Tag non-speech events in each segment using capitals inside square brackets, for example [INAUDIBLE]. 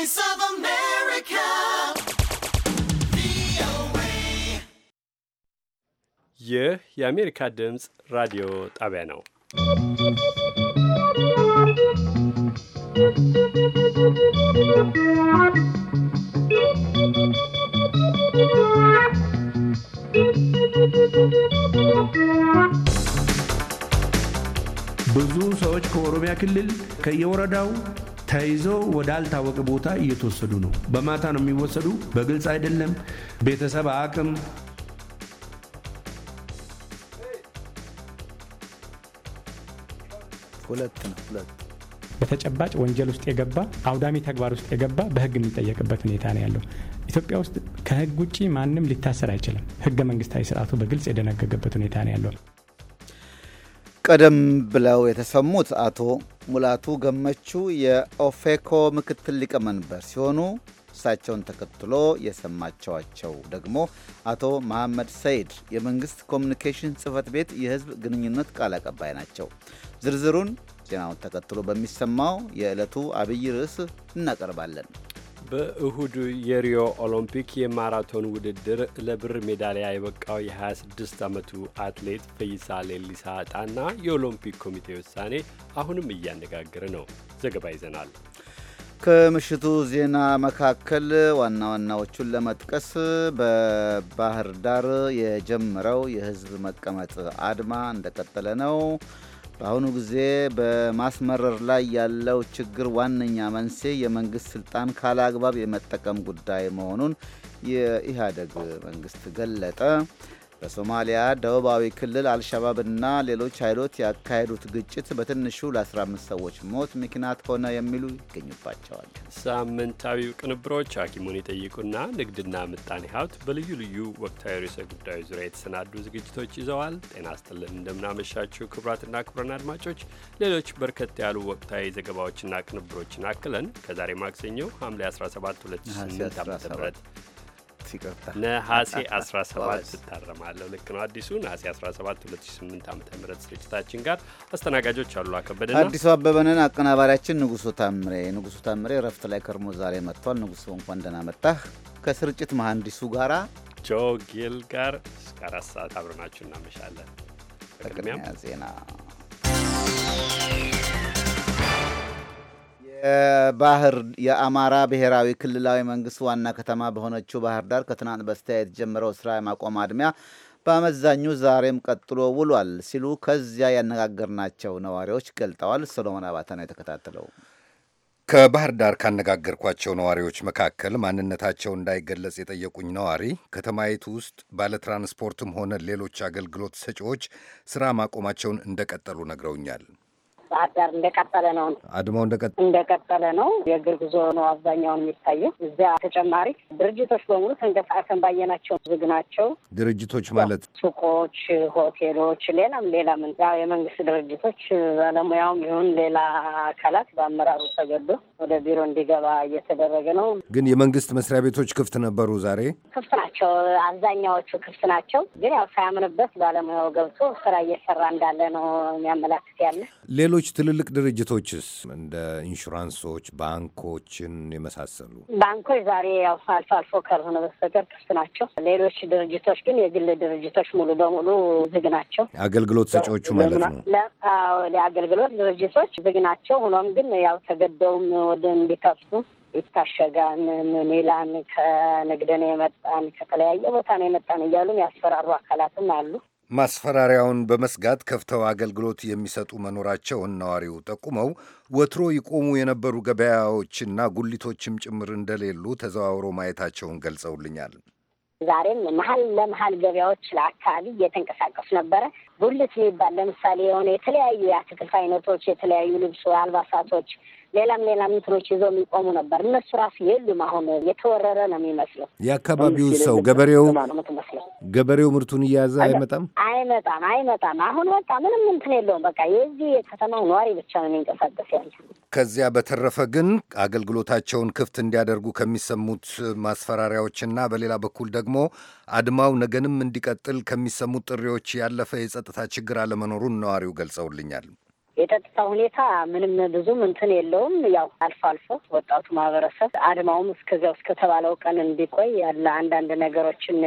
Voice of America. ይህ የአሜሪካ ድምፅ ራዲዮ ጣቢያ ነው። ብዙ ሰዎች ከኦሮሚያ ክልል ከየወረዳው ተይዘው ወዳልታወቀ ቦታ እየተወሰዱ ነው። በማታ ነው የሚወሰዱ። በግልጽ አይደለም። ቤተሰብ አቅም ሁለት ነው ሁለት በተጨባጭ ወንጀል ውስጥ የገባ አውዳሚ ተግባር ውስጥ የገባ በህግ የሚጠየቅበት ሁኔታ ነው ያለው። ኢትዮጵያ ውስጥ ከህግ ውጭ ማንም ሊታሰር አይችልም። ህገ መንግስታዊ ስርዓቱ በግልጽ የደነገገበት ሁኔታ ነው ያለው። ቀደም ብለው የተሰሙት አቶ ሙላቱ ገመቹ የኦፌኮ ምክትል ሊቀመንበር ሲሆኑ እሳቸውን ተከትሎ የሰማቸዋቸው ደግሞ አቶ መሐመድ ሰይድ የመንግስት ኮሚኒኬሽን ጽህፈት ቤት የህዝብ ግንኙነት ቃል አቀባይ ናቸው። ዝርዝሩን ዜናውን ተከትሎ በሚሰማው የዕለቱ አብይ ርዕስ እናቀርባለን። በእሁዱ የሪዮ ኦሎምፒክ የማራቶን ውድድር ለብር ሜዳሊያ የበቃው የ26 ዓመቱ አትሌት ፈይሳ ሌሊሳ እጣና የኦሎምፒክ ኮሚቴ ውሳኔ አሁንም እያነጋገረ ነው። ዘገባ ይዘናል። ከምሽቱ ዜና መካከል ዋና ዋናዎቹን ለመጥቀስ በባህር ዳር የጀመረው የህዝብ መቀመጥ አድማ እንደቀጠለ ነው። በአሁኑ ጊዜ በማስመረር ላይ ያለው ችግር ዋነኛ መንስኤ የመንግስት ስልጣን ካለአግባብ የመጠቀም ጉዳይ መሆኑን የኢህአደግ መንግስት ገለጠ። በሶማሊያ ደቡባዊ ክልል አልሸባብና ሌሎች ኃይሎች ያካሄዱት ግጭት በትንሹ ለ15 ሰዎች ሞት ምክንያት ሆነ የሚሉ ይገኙባቸዋል። ሳምንታዊው ቅንብሮች ሐኪሙን የጠይቁና ንግድና ምጣኔ ሀብት በልዩ ልዩ ወቅታዊ ርዕሰ ጉዳዮች ዙሪያ የተሰናዱ ዝግጅቶች ይዘዋል። ጤና ስጥልን እንደምናመሻችሁ ክቡራትና ክቡራን አድማጮች ሌሎች በርከት ያሉ ወቅታዊ ዘገባዎችና ቅንብሮችን አክለን ከዛሬ ማክሰኞ ሐምሌ 17 2008 ዓ ም ይቅርታ ነሐሴ 17 ትታረማለሁ። [LAUGHS] ልክ ነው አዲሱ ነሐሴ 17 2008 ዓ ም ስርጭታችን ጋር አስተናጋጆች አሉ አከበደና አዲሱ አበበንን አቀናባሪያችን ንጉሱ ታምሬ ንጉሱ ታምሬ ረፍት ላይ ከርሞ ዛሬ መጥቷል። ንጉሱ እንኳን ደህና መጣህ። ከስርጭት መሐንዲሱ ጋራ ጆ ጌል ጋር እስከ አራት ሰዓት አብረናችሁ እናመሻለን። በቅድሚያ ዜና የባህር የአማራ ብሔራዊ ክልላዊ መንግስት ዋና ከተማ በሆነችው ባህር ዳር ከትናንት በስቲያ የተጀመረው ስራ የማቆም አድሚያ በአመዛኙ ዛሬም ቀጥሎ ውሏል ሲሉ ከዚያ ያነጋገርናቸው ነዋሪዎች ገልጠዋል። ሰሎሞን አባተ ነው የተከታተለው። ከባህር ዳር ካነጋገርኳቸው ነዋሪዎች መካከል ማንነታቸው እንዳይገለጽ የጠየቁኝ ነዋሪ ከተማይቱ ውስጥ ባለትራንስፖርትም ሆነ ሌሎች አገልግሎት ሰጪዎች ስራ ማቆማቸውን እንደቀጠሉ ነግረውኛል። ባህር ዳር እንደቀጠለ ነው። አድማው እንደቀጠለ ነው። የእግር ጉዞ ነው አብዛኛውን የሚታየው። እዚያ ተጨማሪ ድርጅቶች በሙሉ ተንቀሳቀሰን ባየናቸው ዝግ ናቸው። ድርጅቶች ማለት ሱቆች፣ ሆቴሎች፣ ሌላም ሌላም የመንግስት ድርጅቶች ባለሙያውም ይሁን ሌላ አካላት በአመራሩ ተገዶ ወደ ቢሮ እንዲገባ እየተደረገ ነው። ግን የመንግስት መስሪያ ቤቶች ክፍት ነበሩ። ዛሬ ክፍት ናቸው። አብዛኛዎቹ ክፍት ናቸው። ግን ያው ሳያምንበት ባለሙያው ገብቶ ስራ እየሰራ እንዳለ ነው የሚያመላክት ያለ ሌሎች ትልልቅ ድርጅቶችስ እንደ ኢንሹራንሶች፣ ባንኮችን የመሳሰሉ ባንኮች ዛሬ ያው አልፎ አልፎ ካልሆነ በስተቀር ክፍት ናቸው። ሌሎች ድርጅቶች ግን የግል ድርጅቶች ሙሉ በሙሉ ዝግ ናቸው። አገልግሎት ሰጪዎቹ ማለት ነው። ለአገልግሎት ድርጅቶች ዝግ ናቸው። ሆኖም ግን ያው ተገደውም ወደ እንዲከፍቱ ይታሸጋን ምን ከንግድን የመጣን ከተለያየ ቦታ ነው የመጣን እያሉም ያስፈራሩ አካላትም አሉ። ማስፈራሪያውን በመስጋት ከፍተው አገልግሎት የሚሰጡ መኖራቸውን ነዋሪው ጠቁመው ወትሮ ይቆሙ የነበሩ ገበያዎችና ጉሊቶችም ጭምር እንደሌሉ ተዘዋውሮ ማየታቸውን ገልጸውልኛል። ዛሬም መሀል ለመሀል ገበያዎች ለአካባቢ እየተንቀሳቀሱ ነበረ። ጉልት የሚባል ለምሳሌ የሆነ የተለያዩ የአትክልት አይነቶች፣ የተለያዩ ልብሶ አልባሳቶች ሌላም ሌላም እንትኖች ይዘው የሚቆሙ ነበር። እነሱ ራሱ የሉም። አሁን የተወረረ ነው የሚመስለው። የአካባቢው ሰው ገበሬው ገበሬው ምርቱን እያያዘ አይመጣም አይመጣም አይመጣም። አሁን በቃ ምንም እንትን የለውም። በቃ የዚህ የከተማው ነዋሪ ብቻ ነው የሚንቀሳቀስ ያለ። ከዚያ በተረፈ ግን አገልግሎታቸውን ክፍት እንዲያደርጉ ከሚሰሙት ማስፈራሪያዎችና በሌላ በኩል ደግሞ አድማው ነገንም እንዲቀጥል ከሚሰሙት ጥሪዎች ያለፈ የጸጥታ ችግር አለመኖሩን ነዋሪው ገልጸውልኛል። የጸጥታ ሁኔታ ምንም ብዙም እንትን የለውም። ያው አልፎ አልፎ ወጣቱ ማህበረሰብ አድማውም እስከዚያው እስከተባለው ቀን እንዲቆይ ያለ አንዳንድ ነገሮችን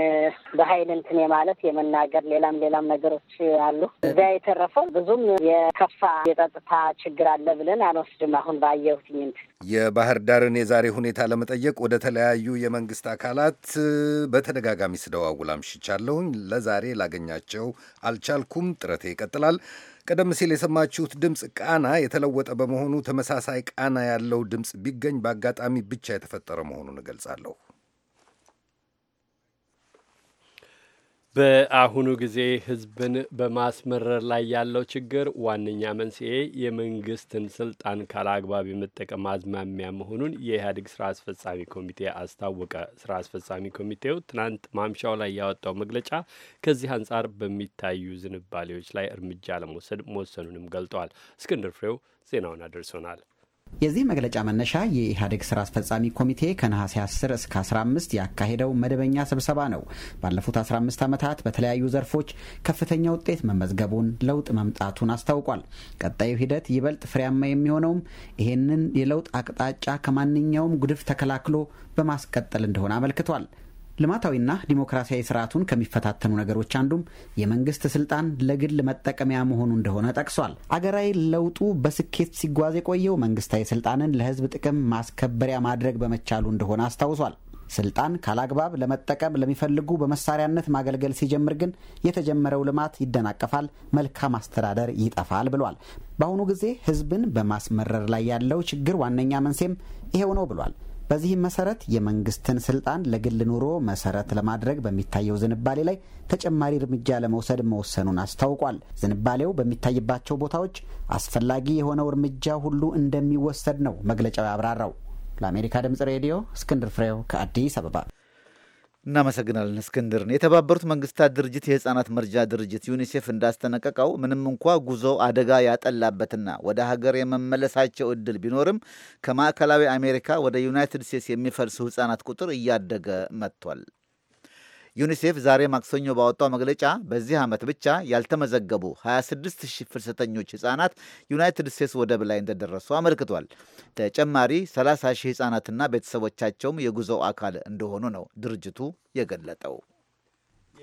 በሀይል እንትን የማለት የመናገር ሌላም ሌላም ነገሮች አሉ። እዚያ የተረፈው ብዙም የከፋ የጸጥታ ችግር አለ ብለን አንወስድም። አሁን ባየሁትኝ የባህር ዳርን የዛሬ ሁኔታ ለመጠየቅ ወደ ተለያዩ የመንግስት አካላት በተደጋጋሚ ስደዋውል አምሽቻለሁኝ። ለዛሬ ላገኛቸው አልቻልኩም። ጥረቴ ይቀጥላል። ቀደም ሲል የሰማችሁት ድምፅ ቃና የተለወጠ በመሆኑ ተመሳሳይ ቃና ያለው ድምፅ ቢገኝ በአጋጣሚ ብቻ የተፈጠረ መሆኑን እገልጻለሁ። በአሁኑ ጊዜ ህዝብን በማስመረር ላይ ያለው ችግር ዋነኛ መንስኤ የመንግስትን ስልጣን ካለአግባብ የመጠቀም አዝማሚያ መሆኑን የኢህአዴግ ስራ አስፈጻሚ ኮሚቴ አስታወቀ። ስራ አስፈጻሚ ኮሚቴው ትናንት ማምሻው ላይ ያወጣው መግለጫ ከዚህ አንጻር በሚታዩ ዝንባሌዎች ላይ እርምጃ ለመውሰድ መወሰኑንም ገልጧል። እስክንድር ፍሬው ዜናውን አድርሶናል። የዚህ መግለጫ መነሻ የኢህአዴግ ስራ አስፈጻሚ ኮሚቴ ከነሐሴ 10 እስከ 15 ያካሄደው መደበኛ ስብሰባ ነው። ባለፉት 15 ዓመታት በተለያዩ ዘርፎች ከፍተኛ ውጤት መመዝገቡን፣ ለውጥ መምጣቱን አስታውቋል። ቀጣዩ ሂደት ይበልጥ ፍሬያማ የሚሆነውም ይህንን የለውጥ አቅጣጫ ከማንኛውም ጉድፍ ተከላክሎ በማስቀጠል እንደሆነ አመልክቷል። ልማታዊና ዲሞክራሲያዊ ስርዓቱን ከሚፈታተኑ ነገሮች አንዱም የመንግስት ስልጣን ለግል መጠቀሚያ መሆኑ እንደሆነ ጠቅሷል። አገራዊ ለውጡ በስኬት ሲጓዝ የቆየው መንግስታዊ ስልጣንን ለህዝብ ጥቅም ማስከበሪያ ማድረግ በመቻሉ እንደሆነ አስታውሷል። ስልጣን ካላግባብ ለመጠቀም ለሚፈልጉ በመሳሪያነት ማገልገል ሲጀምር ግን የተጀመረው ልማት ይደናቀፋል፣ መልካም አስተዳደር ይጠፋል ብሏል። በአሁኑ ጊዜ ህዝብን በማስመረር ላይ ያለው ችግር ዋነኛ መንስኤም ይሄው ነው ብሏል። በዚህም መሰረት የመንግስትን ስልጣን ለግል ኑሮ መሰረት ለማድረግ በሚታየው ዝንባሌ ላይ ተጨማሪ እርምጃ ለመውሰድ መወሰኑን አስታውቋል። ዝንባሌው በሚታይባቸው ቦታዎች አስፈላጊ የሆነው እርምጃ ሁሉ እንደሚወሰድ ነው መግለጫው ያብራራው። ለአሜሪካ ድምጽ ሬዲዮ እስክንድር ፍሬው ከአዲስ አበባ እናመሰግናለን እስክንድርን። የተባበሩት መንግስታት ድርጅት የህፃናት መርጃ ድርጅት ዩኒሴፍ እንዳስጠነቀቀው ምንም እንኳ ጉዞ አደጋ ያጠላበትና ወደ ሀገር የመመለሳቸው እድል ቢኖርም ከማዕከላዊ አሜሪካ ወደ ዩናይትድ ስቴትስ የሚፈልሱ ህፃናት ቁጥር እያደገ መጥቷል። ዩኒሴፍ ዛሬ ማክሰኞ ባወጣው መግለጫ በዚህ ዓመት ብቻ ያልተመዘገቡ 26 ሺህ ፍልሰተኞች ሕፃናት ዩናይትድ ስቴትስ ወደብ ላይ እንደደረሱ አመልክቷል። ተጨማሪ 30 ሺህ ሕፃናትና ቤተሰቦቻቸውም የጉዞው አካል እንደሆኑ ነው ድርጅቱ የገለጠው።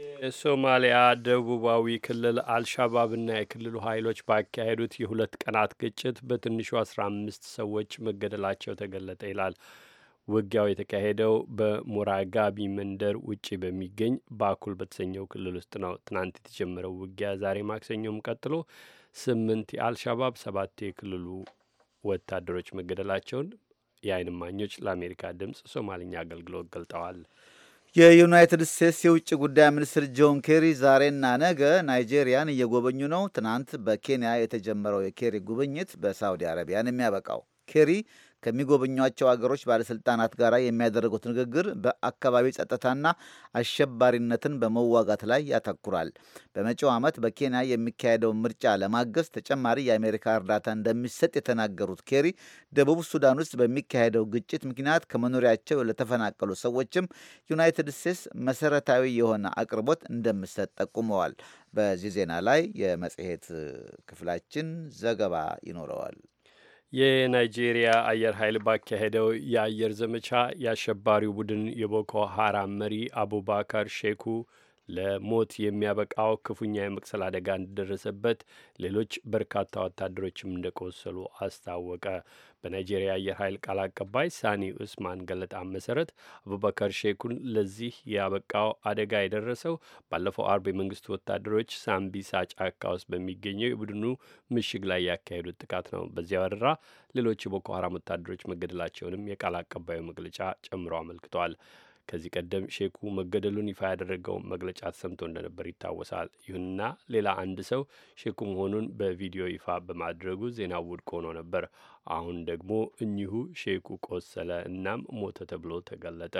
የሶማሊያ ደቡባዊ ክልል አልሻባብና የክልሉ ኃይሎች ባካሄዱት የሁለት ቀናት ግጭት በትንሹ 15 ሰዎች መገደላቸው ተገለጠ ይላል ውጊያው የተካሄደው በሞራጋቢ መንደር ውጪ በሚገኝ ባኩል በተሰኘው ክልል ውስጥ ነው። ትናንት የተጀመረው ውጊያ ዛሬ ማክሰኞም ቀጥሎ ስምንት የአልሻባብ ሰባት የክልሉ ወታደሮች መገደላቸውን የአይን ማኞች ለአሜሪካ ድምፅ ሶማልኛ አገልግሎት ገልጠዋል። የዩናይትድ ስቴትስ የውጭ ጉዳይ ሚኒስትር ጆን ኬሪ ዛሬና ነገ ናይጄሪያን እየጎበኙ ነው። ትናንት በኬንያ የተጀመረው የኬሪ ጉብኝት በሳውዲ አረቢያን የሚያበቃው ኬሪ ከሚጎበኟቸው አገሮች ባለሥልጣናት ጋር የሚያደርጉት ንግግር በአካባቢ ጸጥታና አሸባሪነትን በመዋጋት ላይ ያተኩራል። በመጪው ዓመት በኬንያ የሚካሄደውን ምርጫ ለማገዝ ተጨማሪ የአሜሪካ እርዳታ እንደሚሰጥ የተናገሩት ኬሪ ደቡብ ሱዳን ውስጥ በሚካሄደው ግጭት ምክንያት ከመኖሪያቸው ለተፈናቀሉ ሰዎችም ዩናይትድ ስቴትስ መሰረታዊ የሆነ አቅርቦት እንደምሰጥ ጠቁመዋል። በዚህ ዜና ላይ የመጽሔት ክፍላችን ዘገባ ይኖረዋል። የናይጄሪያ አየር ኃይል ባካሄደው የአየር ዘመቻ የአሸባሪው ቡድን የቦኮ ሀራም መሪ አቡባካር ሼኩ ለሞት የሚያበቃው ክፉኛ የመቅሰል አደጋ እንደደረሰበት ሌሎች በርካታ ወታደሮችም እንደቆሰሉ አስታወቀ። በናይጄሪያ አየር ኃይል ቃል አቀባይ ሳኒ ኡስማን ገለጣ መሰረት አቡበከር ሼኩን ለዚህ ያበቃው አደጋ የደረሰው ባለፈው አርብ የመንግስቱ ወታደሮች ሳምቢሳ ጫካ ውስጥ በሚገኘው የቡድኑ ምሽግ ላይ ያካሄዱት ጥቃት ነው። በዚያ ወረራ ሌሎች የቦኮ ሀራም ወታደሮች መገደላቸውንም የቃል አቀባዩ መግለጫ ጨምሮ አመልክቷል። ከዚህ ቀደም ሼኩ መገደሉን ይፋ ያደረገው መግለጫ ተሰምቶ እንደነበር ይታወሳል። ይሁንና ሌላ አንድ ሰው ሼኩ መሆኑን በቪዲዮ ይፋ በማድረጉ ዜናው ውድቅ ሆኖ ነበር። አሁን ደግሞ እኚሁ ሼኩ ቆሰለ እናም ሞተ ተብሎ ተገለጠ።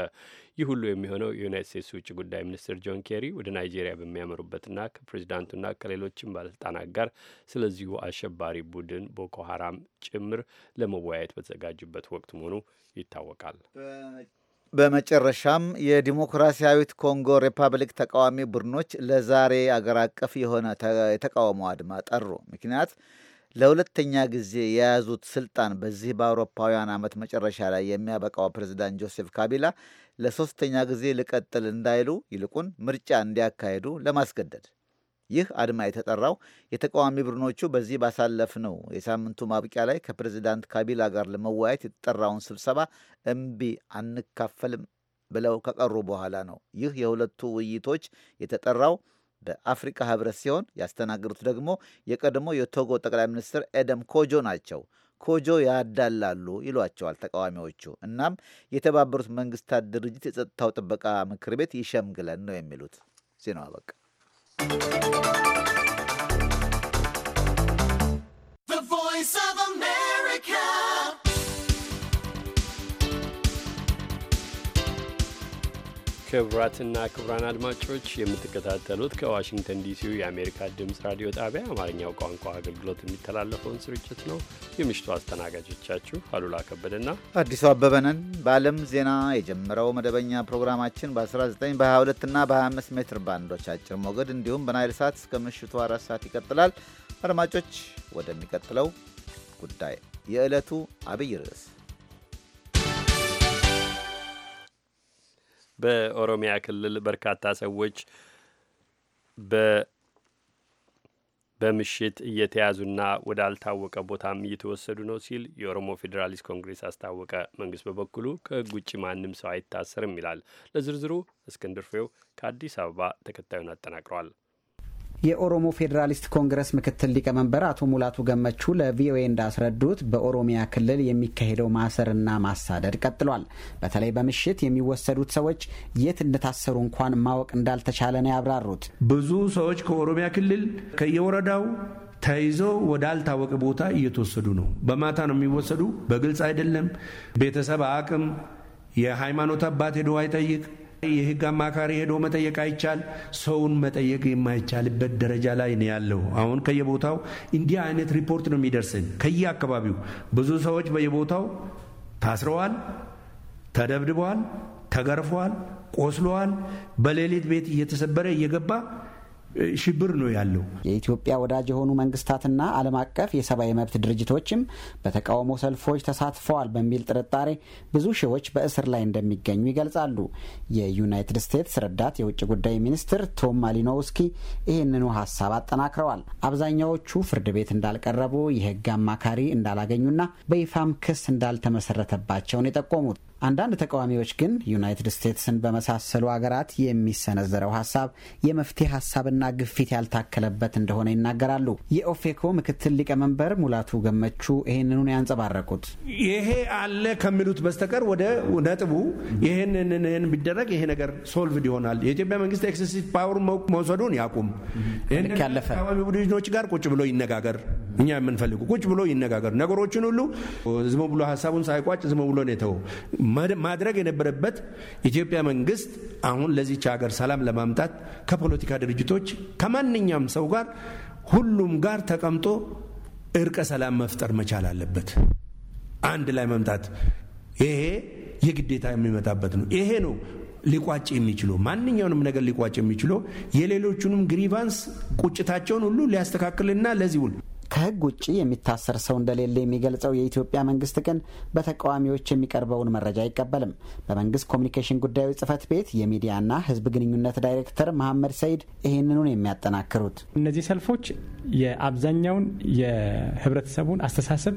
ይህ ሁሉ የሚሆነው የዩናይት ስቴትስ ውጭ ጉዳይ ሚኒስትር ጆን ኬሪ ወደ ናይጄሪያ በሚያመሩበትና ከፕሬዚዳንቱና ከሌሎችም ባለስልጣናት ጋር ስለዚሁ አሸባሪ ቡድን ቦኮ ሀራም ጭምር ለመወያየት በተዘጋጁበት ወቅት መሆኑ ይታወቃል። በመጨረሻም የዲሞክራሲያዊት ኮንጎ ሪፐብሊክ ተቃዋሚ ቡድኖች ለዛሬ አገር አቀፍ የሆነ የተቃውሞ አድማ ጠሩ። ምክንያት ለሁለተኛ ጊዜ የያዙት ስልጣን በዚህ በአውሮፓውያን ዓመት መጨረሻ ላይ የሚያበቃው ፕሬዚዳንት ጆሴፍ ካቢላ ለሶስተኛ ጊዜ ልቀጥል እንዳይሉ ይልቁን ምርጫ እንዲያካሂዱ ለማስገደድ ይህ አድማ የተጠራው የተቃዋሚ ቡድኖቹ በዚህ ነው። የሳምንቱ ማብቂያ ላይ ከፕሬዚዳንት ካቢላ ጋር ለመወያየት የተጠራውን ስብሰባ እምቢ አንካፈልም ብለው ከቀሩ በኋላ ነው። ይህ የሁለቱ ውይይቶች የተጠራው በአፍሪካ ህብረት ሲሆን ያስተናገዱት ደግሞ የቀድሞ የቶጎ ጠቅላይ ሚኒስትር ኤደም ኮጆ ናቸው። ኮጆ ያዳላሉ ይሏቸዋል ተቃዋሚዎቹ። እናም የተባበሩት መንግስታት ድርጅት የጸጥታው ጥበቃ ምክር ቤት ይሸምግለን ነው የሚሉት። ዜናው አበቃ። Thank you. ክቡራትና ክቡራን አድማጮች የምትከታተሉት ከዋሽንግተን ዲሲው የአሜሪካ ድምፅ ራዲዮ ጣቢያ አማርኛው ቋንቋ አገልግሎት የሚተላለፈውን ስርጭት ነው። የምሽቱ አስተናጋጆቻችሁ አሉላ ከበደና አዲሱ አበበነን። በዓለም ዜና የጀመረው መደበኛ ፕሮግራማችን በ19 በ22ና በ25 ሜትር ባንዶች አጭር ሞገድ እንዲሁም በናይል ሰዓት እስከ ምሽቱ አራት ሰዓት ይቀጥላል። አድማጮች ወደሚቀጥለው ጉዳይ የዕለቱ አብይ ርዕስ በኦሮሚያ ክልል በርካታ ሰዎች በምሽት እየተያዙና ወዳልታወቀ ቦታም እየተወሰዱ ነው ሲል የኦሮሞ ፌዴራሊስት ኮንግሬስ አስታወቀ። መንግስት በበኩሉ ከህግ ውጭ ማንም ሰው አይታሰርም ይላል። ለዝርዝሩ እስክንድር ፍሬው ከአዲስ አበባ ተከታዩን አጠናቅሯል። የኦሮሞ ፌዴራሊስት ኮንግረስ ምክትል ሊቀመንበር አቶ ሙላቱ ገመቹ ለቪኦኤ እንዳስረዱት በኦሮሚያ ክልል የሚካሄደው ማሰርና ማሳደድ ቀጥሏል። በተለይ በምሽት የሚወሰዱት ሰዎች የት እንደታሰሩ እንኳን ማወቅ እንዳልተቻለ ነው ያብራሩት። ብዙ ሰዎች ከኦሮሚያ ክልል ከየወረዳው ተይዘው ወዳልታወቀ ቦታ እየተወሰዱ ነው። በማታ ነው የሚወሰዱ፣ በግልጽ አይደለም። ቤተሰብ አቅም የሃይማኖት አባት ሄዶ አይጠይቅ የህግ አማካሪ ሄዶ መጠየቅ አይቻል፣ ሰውን መጠየቅ የማይቻልበት ደረጃ ላይ ነው ያለው። አሁን ከየቦታው እንዲህ አይነት ሪፖርት ነው የሚደርስን ከየአካባቢው። ብዙ ሰዎች በየቦታው ታስረዋል፣ ተደብድበዋል፣ ተገርፈዋል፣ ቆስለዋል። በሌሊት ቤት እየተሰበረ እየገባ ሽብር ነው ያለው። የኢትዮጵያ ወዳጅ የሆኑ መንግስታትና ዓለም አቀፍ የሰብአዊ መብት ድርጅቶችም በተቃውሞ ሰልፎች ተሳትፈዋል በሚል ጥርጣሬ ብዙ ሺዎች በእስር ላይ እንደሚገኙ ይገልጻሉ። የዩናይትድ ስቴትስ ረዳት የውጭ ጉዳይ ሚኒስትር ቶም ማሊኖውስኪ ይህንኑ ሀሳብ አጠናክረዋል። አብዛኛዎቹ ፍርድ ቤት እንዳልቀረቡ፣ የህግ አማካሪ እንዳላገኙና በይፋም ክስ እንዳልተመሰረተባቸውን የጠቆሙት አንዳንድ ተቃዋሚዎች ግን ዩናይትድ ስቴትስን በመሳሰሉ አገራት የሚሰነዘረው ሀሳብ የመፍትሄ ሀሳብና ግፊት ያልታከለበት እንደሆነ ይናገራሉ። የኦፌኮ ምክትል ሊቀመንበር ሙላቱ ገመቹ ይህንኑን ያንጸባረቁት ይሄ አለ ከሚሉት በስተቀር ወደ ነጥቡ ይህንን ቢደረግ ይሄ ነገር ሶልቭድ ይሆናል። የኢትዮጵያ መንግስት ኤክሴሲቭ ፓወር መውሰዱን ያቁም። ተቃዋሚ ቡድኖች ጋር ቁጭ ብሎ ይነጋገር። እኛ የምንፈልጉ ቁጭ ብሎ ይነጋገር። ነገሮችን ሁሉ ዝም ብሎ ሀሳቡን ሳይቋጭ ዝም ብሎ ነው የተወው። ማድረግ የነበረበት ኢትዮጵያ መንግስት አሁን ለዚች ሀገር ሰላም ለማምጣት ከፖለቲካ ድርጅቶች ከማንኛውም ሰው ጋር ሁሉም ጋር ተቀምጦ እርቀ ሰላም መፍጠር መቻል አለበት። አንድ ላይ መምጣት ይሄ የግዴታ የሚመጣበት ነው። ይሄ ነው ሊቋጭ የሚችለው ማንኛውንም ነገር ሊቋጭ የሚችለው የሌሎቹንም ግሪቫንስ ቁጭታቸውን ሁሉ ሊያስተካክልና ለዚህ ሁሉ ከህግ ውጭ የሚታሰር ሰው እንደሌለ የሚገልጸው የኢትዮጵያ መንግስት ግን በተቃዋሚዎች የሚቀርበውን መረጃ አይቀበልም። በመንግስት ኮሚኒኬሽን ጉዳዮች ጽህፈት ቤት የሚዲያና ህዝብ ግንኙነት ዳይሬክተር መሐመድ ሰይድ ይህንኑን የሚያጠናክሩት እነዚህ ሰልፎች የአብዛኛውን የህብረተሰቡን አስተሳሰብ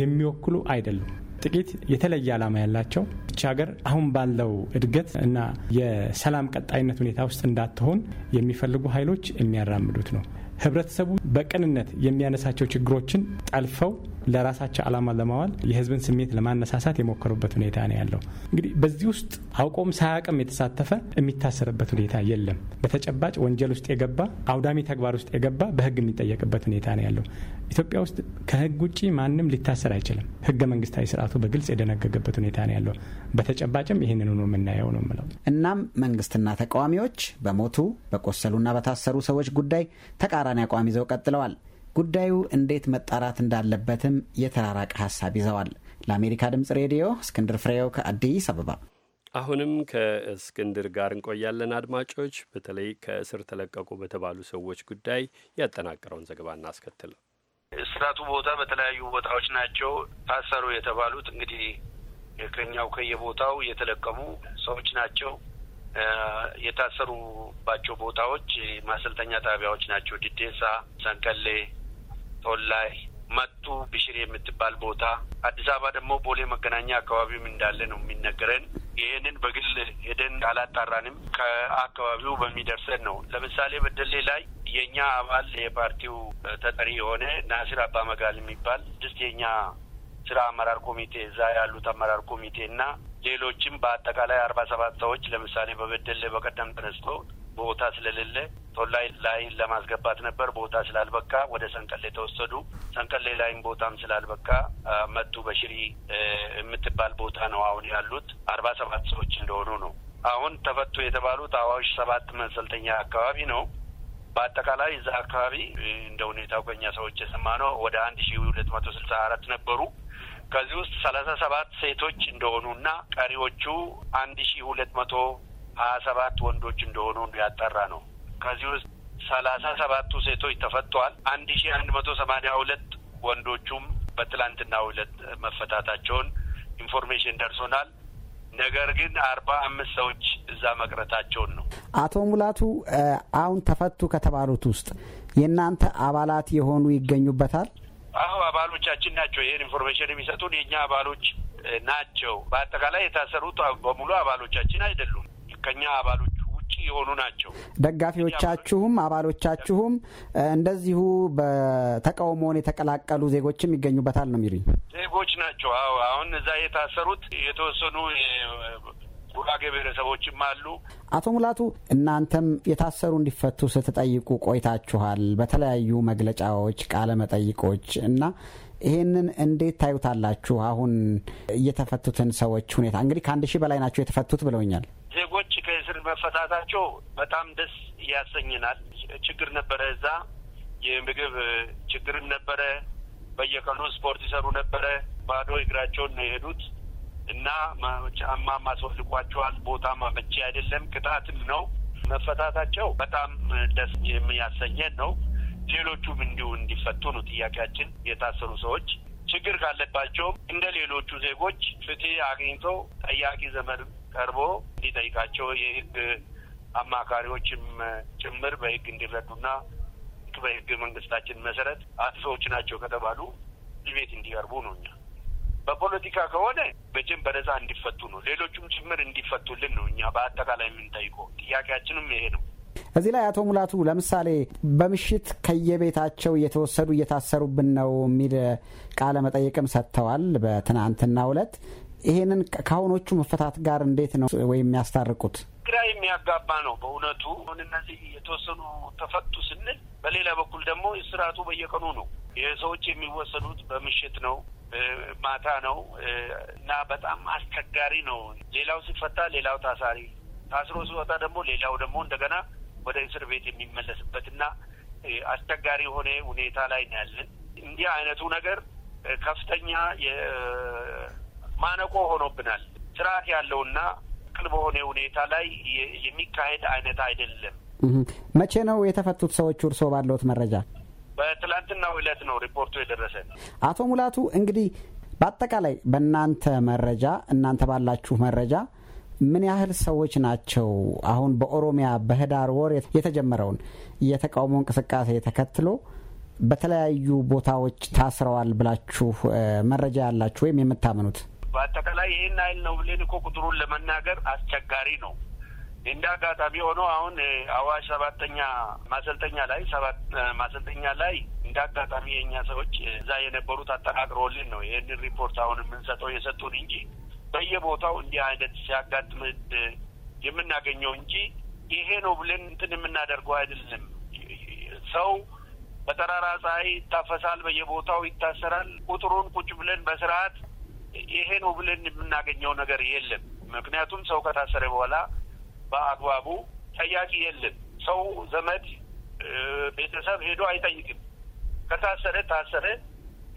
የሚወክሉ አይደሉም። ጥቂት የተለየ ዓላማ ያላቸው ብቻ ሀገር አሁን ባለው እድገት እና የሰላም ቀጣይነት ሁኔታ ውስጥ እንዳትሆን የሚፈልጉ ኃይሎች የሚያራምዱት ነው። ህብረተሰቡ በቅንነት የሚያነሳቸው ችግሮችን ጠልፈው ለራሳቸው ዓላማ ለማዋል የህዝብን ስሜት ለማነሳሳት የሞከሩበት ሁኔታ ነው ያለው። እንግዲህ በዚህ ውስጥ አውቆም ሳያውቅም የተሳተፈ የሚታሰርበት ሁኔታ የለም። በተጨባጭ ወንጀል ውስጥ የገባ አውዳሚ ተግባር ውስጥ የገባ በህግ የሚጠየቅበት ሁኔታ ነው ያለው። ኢትዮጵያ ውስጥ ከህግ ውጭ ማንም ሊታሰር አይችልም። ህገ መንግስታዊ ስርዓቱ በግልጽ የደነገገበት ሁኔታ ነው ያለው። በተጨባጭም ይህንኑ ነው የምናየው ነው ምለው። እናም መንግስትና ተቃዋሚዎች በሞቱ በቆሰሉና በታሰሩ ሰዎች ጉዳይ ተቃራኒ አቋም ይዘው ቀጥለዋል። ጉዳዩ እንዴት መጣራት እንዳለበትም የተራራቀ ሀሳብ ይዘዋል። ለአሜሪካ ድምጽ ሬዲዮ እስክንድር ፍሬው ከአዲስ አበባ። አሁንም ከእስክንድር ጋር እንቆያለን። አድማጮች፣ በተለይ ከእስር ተለቀቁ በተባሉ ሰዎች ጉዳይ ያጠናቀረውን ዘገባ እናስከትል። እስራቱ ቦታ በተለያዩ ቦታዎች ናቸው ታሰሩ የተባሉት እንግዲህ ከኛው ከየቦታው የተለቀሙ ሰዎች ናቸው። የታሰሩባቸው ቦታዎች ማሰልጠኛ ጣቢያዎች ናቸው። ድዴሳ፣ ሰንቀሌ ቶላይ መቱ ብሽር የምትባል ቦታ አዲስ አበባ ደግሞ ቦሌ መገናኛ አካባቢም እንዳለ ነው የሚነገረን። ይህንን በግል ሄደን አላጣራንም። ከአካባቢው በሚደርሰን ነው። ለምሳሌ በደሌ ላይ የእኛ አባል የፓርቲው ተጠሪ የሆነ ናስር አባ መጋል የሚባል ስድስት የእኛ ስራ አመራር ኮሚቴ እዛ ያሉት አመራር ኮሚቴ እና ሌሎችም በአጠቃላይ አርባ ሰባት ሰዎች ለምሳሌ በበደሌ በቀደም ተነስቶ ቦታ ስለሌለ ቶላይ ላይ ለማስገባት ነበር። ቦታ ስላልበቃ ወደ ሰንቀሌ ተወሰዱ። ሰንቀሌ ላይም ቦታም ስላልበቃ መቱ በሽሪ የምትባል ቦታ ነው አሁን ያሉት አርባ ሰባት ሰዎች እንደሆኑ ነው። አሁን ተፈቱ የተባሉት አዋሽ ሰባት መሰልጠኛ አካባቢ ነው። በአጠቃላይ እዛ አካባቢ እንደ ሁኔታው ከኛ ሰዎች የሰማ ነው ወደ አንድ ሺ ሁለት መቶ ስልሳ አራት ነበሩ ከዚህ ውስጥ ሰላሳ ሰባት ሴቶች እንደሆኑና ቀሪዎቹ አንድ ሺ ሁለት መቶ ሀያ ሰባት ወንዶች እንደሆኑ ያጠራ ነው። ከዚህ ውስጥ ሰላሳ ሰባቱ ሴቶች ተፈቷል። አንድ ሺ አንድ መቶ ሰማኒያ ሁለት ወንዶቹም በትላንትና ሁለት መፈታታቸውን ኢንፎርሜሽን ደርሶናል። ነገር ግን አርባ አምስት ሰዎች እዛ መቅረታቸውን ነው። አቶ ሙላቱ አሁን ተፈቱ ከተባሉት ውስጥ የእናንተ አባላት የሆኑ ይገኙበታል? አሁ አባሎቻችን ናቸው። ይህን ኢንፎርሜሽን የሚሰጡን የእኛ አባሎች ናቸው። በአጠቃላይ የታሰሩት በሙሉ አባሎቻችን አይደሉም። ከኛ አባሎች ውጭ የሆኑ ናቸው። ደጋፊዎቻችሁም አባሎቻችሁም እንደዚሁ በተቃውሞውን የተቀላቀሉ ዜጎችም ይገኙበታል ነው የሚሉኝ። ዜጎች ናቸው። አዎ አሁን እዛ የታሰሩት የተወሰኑ ጉራጌ ብሔረሰቦችም አሉ። አቶ ሙላቱ እናንተም የታሰሩ እንዲፈቱ ስትጠይቁ ቆይታችኋል በተለያዩ መግለጫዎች፣ ቃለ መጠይቆች እና ይህንን እንዴት ታዩታላችሁ? አሁን እየተፈቱትን ሰዎች ሁኔታ እንግዲህ ከአንድ ሺህ በላይ ናቸው የተፈቱት ብለውኛል። ከእስር መፈታታቸው በጣም ደስ ያሰኝናል። ችግር ነበረ፣ እዛ የምግብ ችግርም ነበረ። በየቀኑ ስፖርት ይሰሩ ነበረ። ባዶ እግራቸውን ነው የሄዱት እና ጫማ ማስወልቋቸዋል። ቦታ ማመቼ አይደለም፣ ቅጣትም ነው። መፈታታቸው በጣም ደስ የሚያሰኘን ነው። ሌሎቹም እንዲሁ እንዲፈቱ ነው ጥያቄያችን። የታሰሩ ሰዎች ችግር ካለባቸውም እንደ ሌሎቹ ዜጎች ፍትህ አግኝቶ ጠያቂ ዘመድም ቀርቦ እንዲጠይቃቸው የህግ አማካሪዎችም ጭምር በህግ እንዲረዱና በህግ መንግስታችን መሰረት አጥፊዎች ናቸው ከተባሉ ቤት እንዲቀርቡ ነው። እኛ በፖለቲካ ከሆነ መቼም በነጻ እንዲፈቱ ነው፣ ሌሎቹም ጭምር እንዲፈቱልን ነው። እኛ በአጠቃላይ የምንጠይቀው ጥያቄያችንም ይሄ ነው። እዚህ ላይ አቶ ሙላቱ ለምሳሌ በምሽት ከየቤታቸው እየተወሰዱ እየታሰሩብን ነው የሚል ቃለ መጠይቅም ሰጥተዋል በትናንትናው ዕለት። ይሄንን ከአሁኖቹ መፈታት ጋር እንዴት ነው ወይ የሚያስታርቁት? ግራ የሚያጋባ ነው በእውነቱ። አሁን እነዚህ የተወሰኑ ተፈቱ ስንል፣ በሌላ በኩል ደግሞ ስርዓቱ በየቀኑ ነው። ሰዎች የሚወሰዱት በምሽት ነው ማታ ነው እና በጣም አስቸጋሪ ነው። ሌላው ሲፈታ ሌላው ታሳሪ ታስሮ ሲወጣ ደግሞ ሌላው ደግሞ እንደገና ወደ እስር ቤት የሚመለስበትና አስቸጋሪ የሆነ ሁኔታ ላይ ነው ያለን። እንዲህ አይነቱ ነገር ከፍተኛ ማነቆ ሆኖብናል። ስርዓት ያለውና ቅል በሆነ ሁኔታ ላይ የሚካሄድ አይነት አይደለም። መቼ ነው የተፈቱት ሰዎች እርስዎ ባለዎት መረጃ? በትላንትናው ዕለት ነው ሪፖርቱ የደረሰ። አቶ ሙላቱ እንግዲህ በአጠቃላይ በእናንተ መረጃ እናንተ ባላችሁ መረጃ ምን ያህል ሰዎች ናቸው አሁን በኦሮሚያ በህዳር ወር የተጀመረውን የተቃውሞ እንቅስቃሴ ተከትሎ በተለያዩ ቦታዎች ታስረዋል ብላችሁ መረጃ ያላችሁ ወይም የምታምኑት? በአጠቃላይ ይህን ሀይል ነው ብለን እኮ ቁጥሩን ለመናገር አስቸጋሪ ነው። እንደ አጋጣሚ ሆኖ አሁን አዋሽ ሰባተኛ ማሰልጠኛ ላይ ሰባት ማሰልጠኛ ላይ እንደ አጋጣሚ የእኛ ሰዎች እዛ የነበሩት አጠቃቅሮልን ነው ይህንን ሪፖርት አሁን የምንሰጠው የሰጡን እንጂ በየቦታው እንዲህ አይነት ሲያጋጥም የምናገኘው እንጂ ይሄ ነው ብለን እንትን የምናደርገው አይደለም። ሰው በጠራራ ፀሐይ ይታፈሳል፣ በየቦታው ይታሰራል። ቁጥሩን ቁጭ ብለን በስርዓት ይሄ ነው ብለን የምናገኘው ነገር የለም። ምክንያቱም ሰው ከታሰረ በኋላ በአግባቡ ጠያቂ የለም። ሰው ዘመድ፣ ቤተሰብ ሄዶ አይጠይቅም። ከታሰረ ታሰረ፣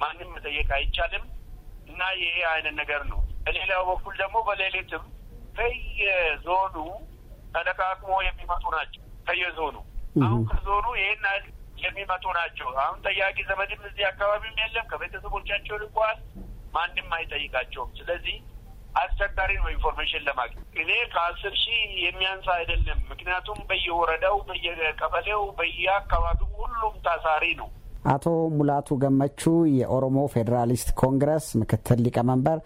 ማንም መጠየቅ አይቻልም እና ይሄ አይነት ነገር ነው። በሌላው በኩል ደግሞ በሌሊትም ከየዞኑ ተለቃቅሞ የሚመጡ ናቸው። ከየዞኑ አሁን ከዞኑ ይህን የሚመጡ ናቸው። አሁን ጠያቂ ዘመድም እዚህ አካባቢም የለም። ከቤተሰቦቻቸው ልቋል ማንም አይጠይቃቸውም። ስለዚህ አስቸጋሪ ነው ኢንፎርሜሽን ለማግኘት። እኔ ከአስር ሺህ የሚያንሳ አይደለም። ምክንያቱም በየወረዳው፣ በየቀበሌው፣ በየአካባቢው ሁሉም ታሳሪ ነው። አቶ ሙላቱ ገመቹ የኦሮሞ ፌዴራሊስት ኮንግረስ ምክትል ሊቀመንበር፣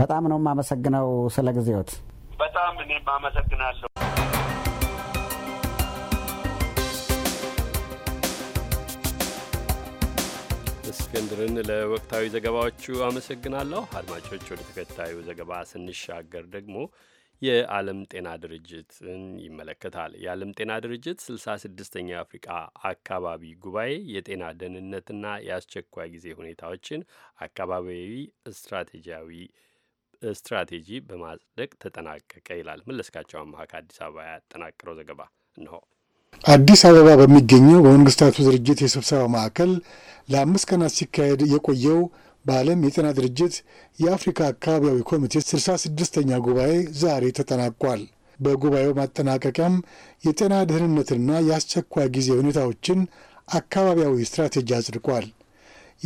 በጣም ነው የማመሰግነው ስለ ጊዜዎት። በጣም እኔም አመሰግናለሁ። እስክንድርን ለወቅታዊ ዘገባዎቹ አመሰግናለሁ። አድማጮች ወደ ተከታዩ ዘገባ ስንሻገር ደግሞ የዓለም ጤና ድርጅትን ይመለከታል። የዓለም ጤና ድርጅት 66ኛ የአፍሪቃ አካባቢ ጉባኤ የጤና ደህንነትና የአስቸኳይ ጊዜ ሁኔታዎችን አካባቢያዊ ስትራቴጂያዊ ስትራቴጂ በማጽደቅ ተጠናቀቀ ይላል። መለስካቸው አማሃ ከአዲስ አበባ ያጠናቀረው ዘገባ እንሆ። አዲስ አበባ በሚገኘው በመንግስታቱ ድርጅት የስብሰባ ማዕከል ለአምስት ቀናት ሲካሄድ የቆየው በዓለም የጤና ድርጅት የአፍሪካ አካባቢያዊ ኮሚቴ ስልሳ ስድስተኛ ጉባኤ ዛሬ ተጠናቋል። በጉባኤው ማጠናቀቂያም የጤና ደህንነትና የአስቸኳይ ጊዜ ሁኔታዎችን አካባቢያዊ ስትራቴጂ አጽድቋል።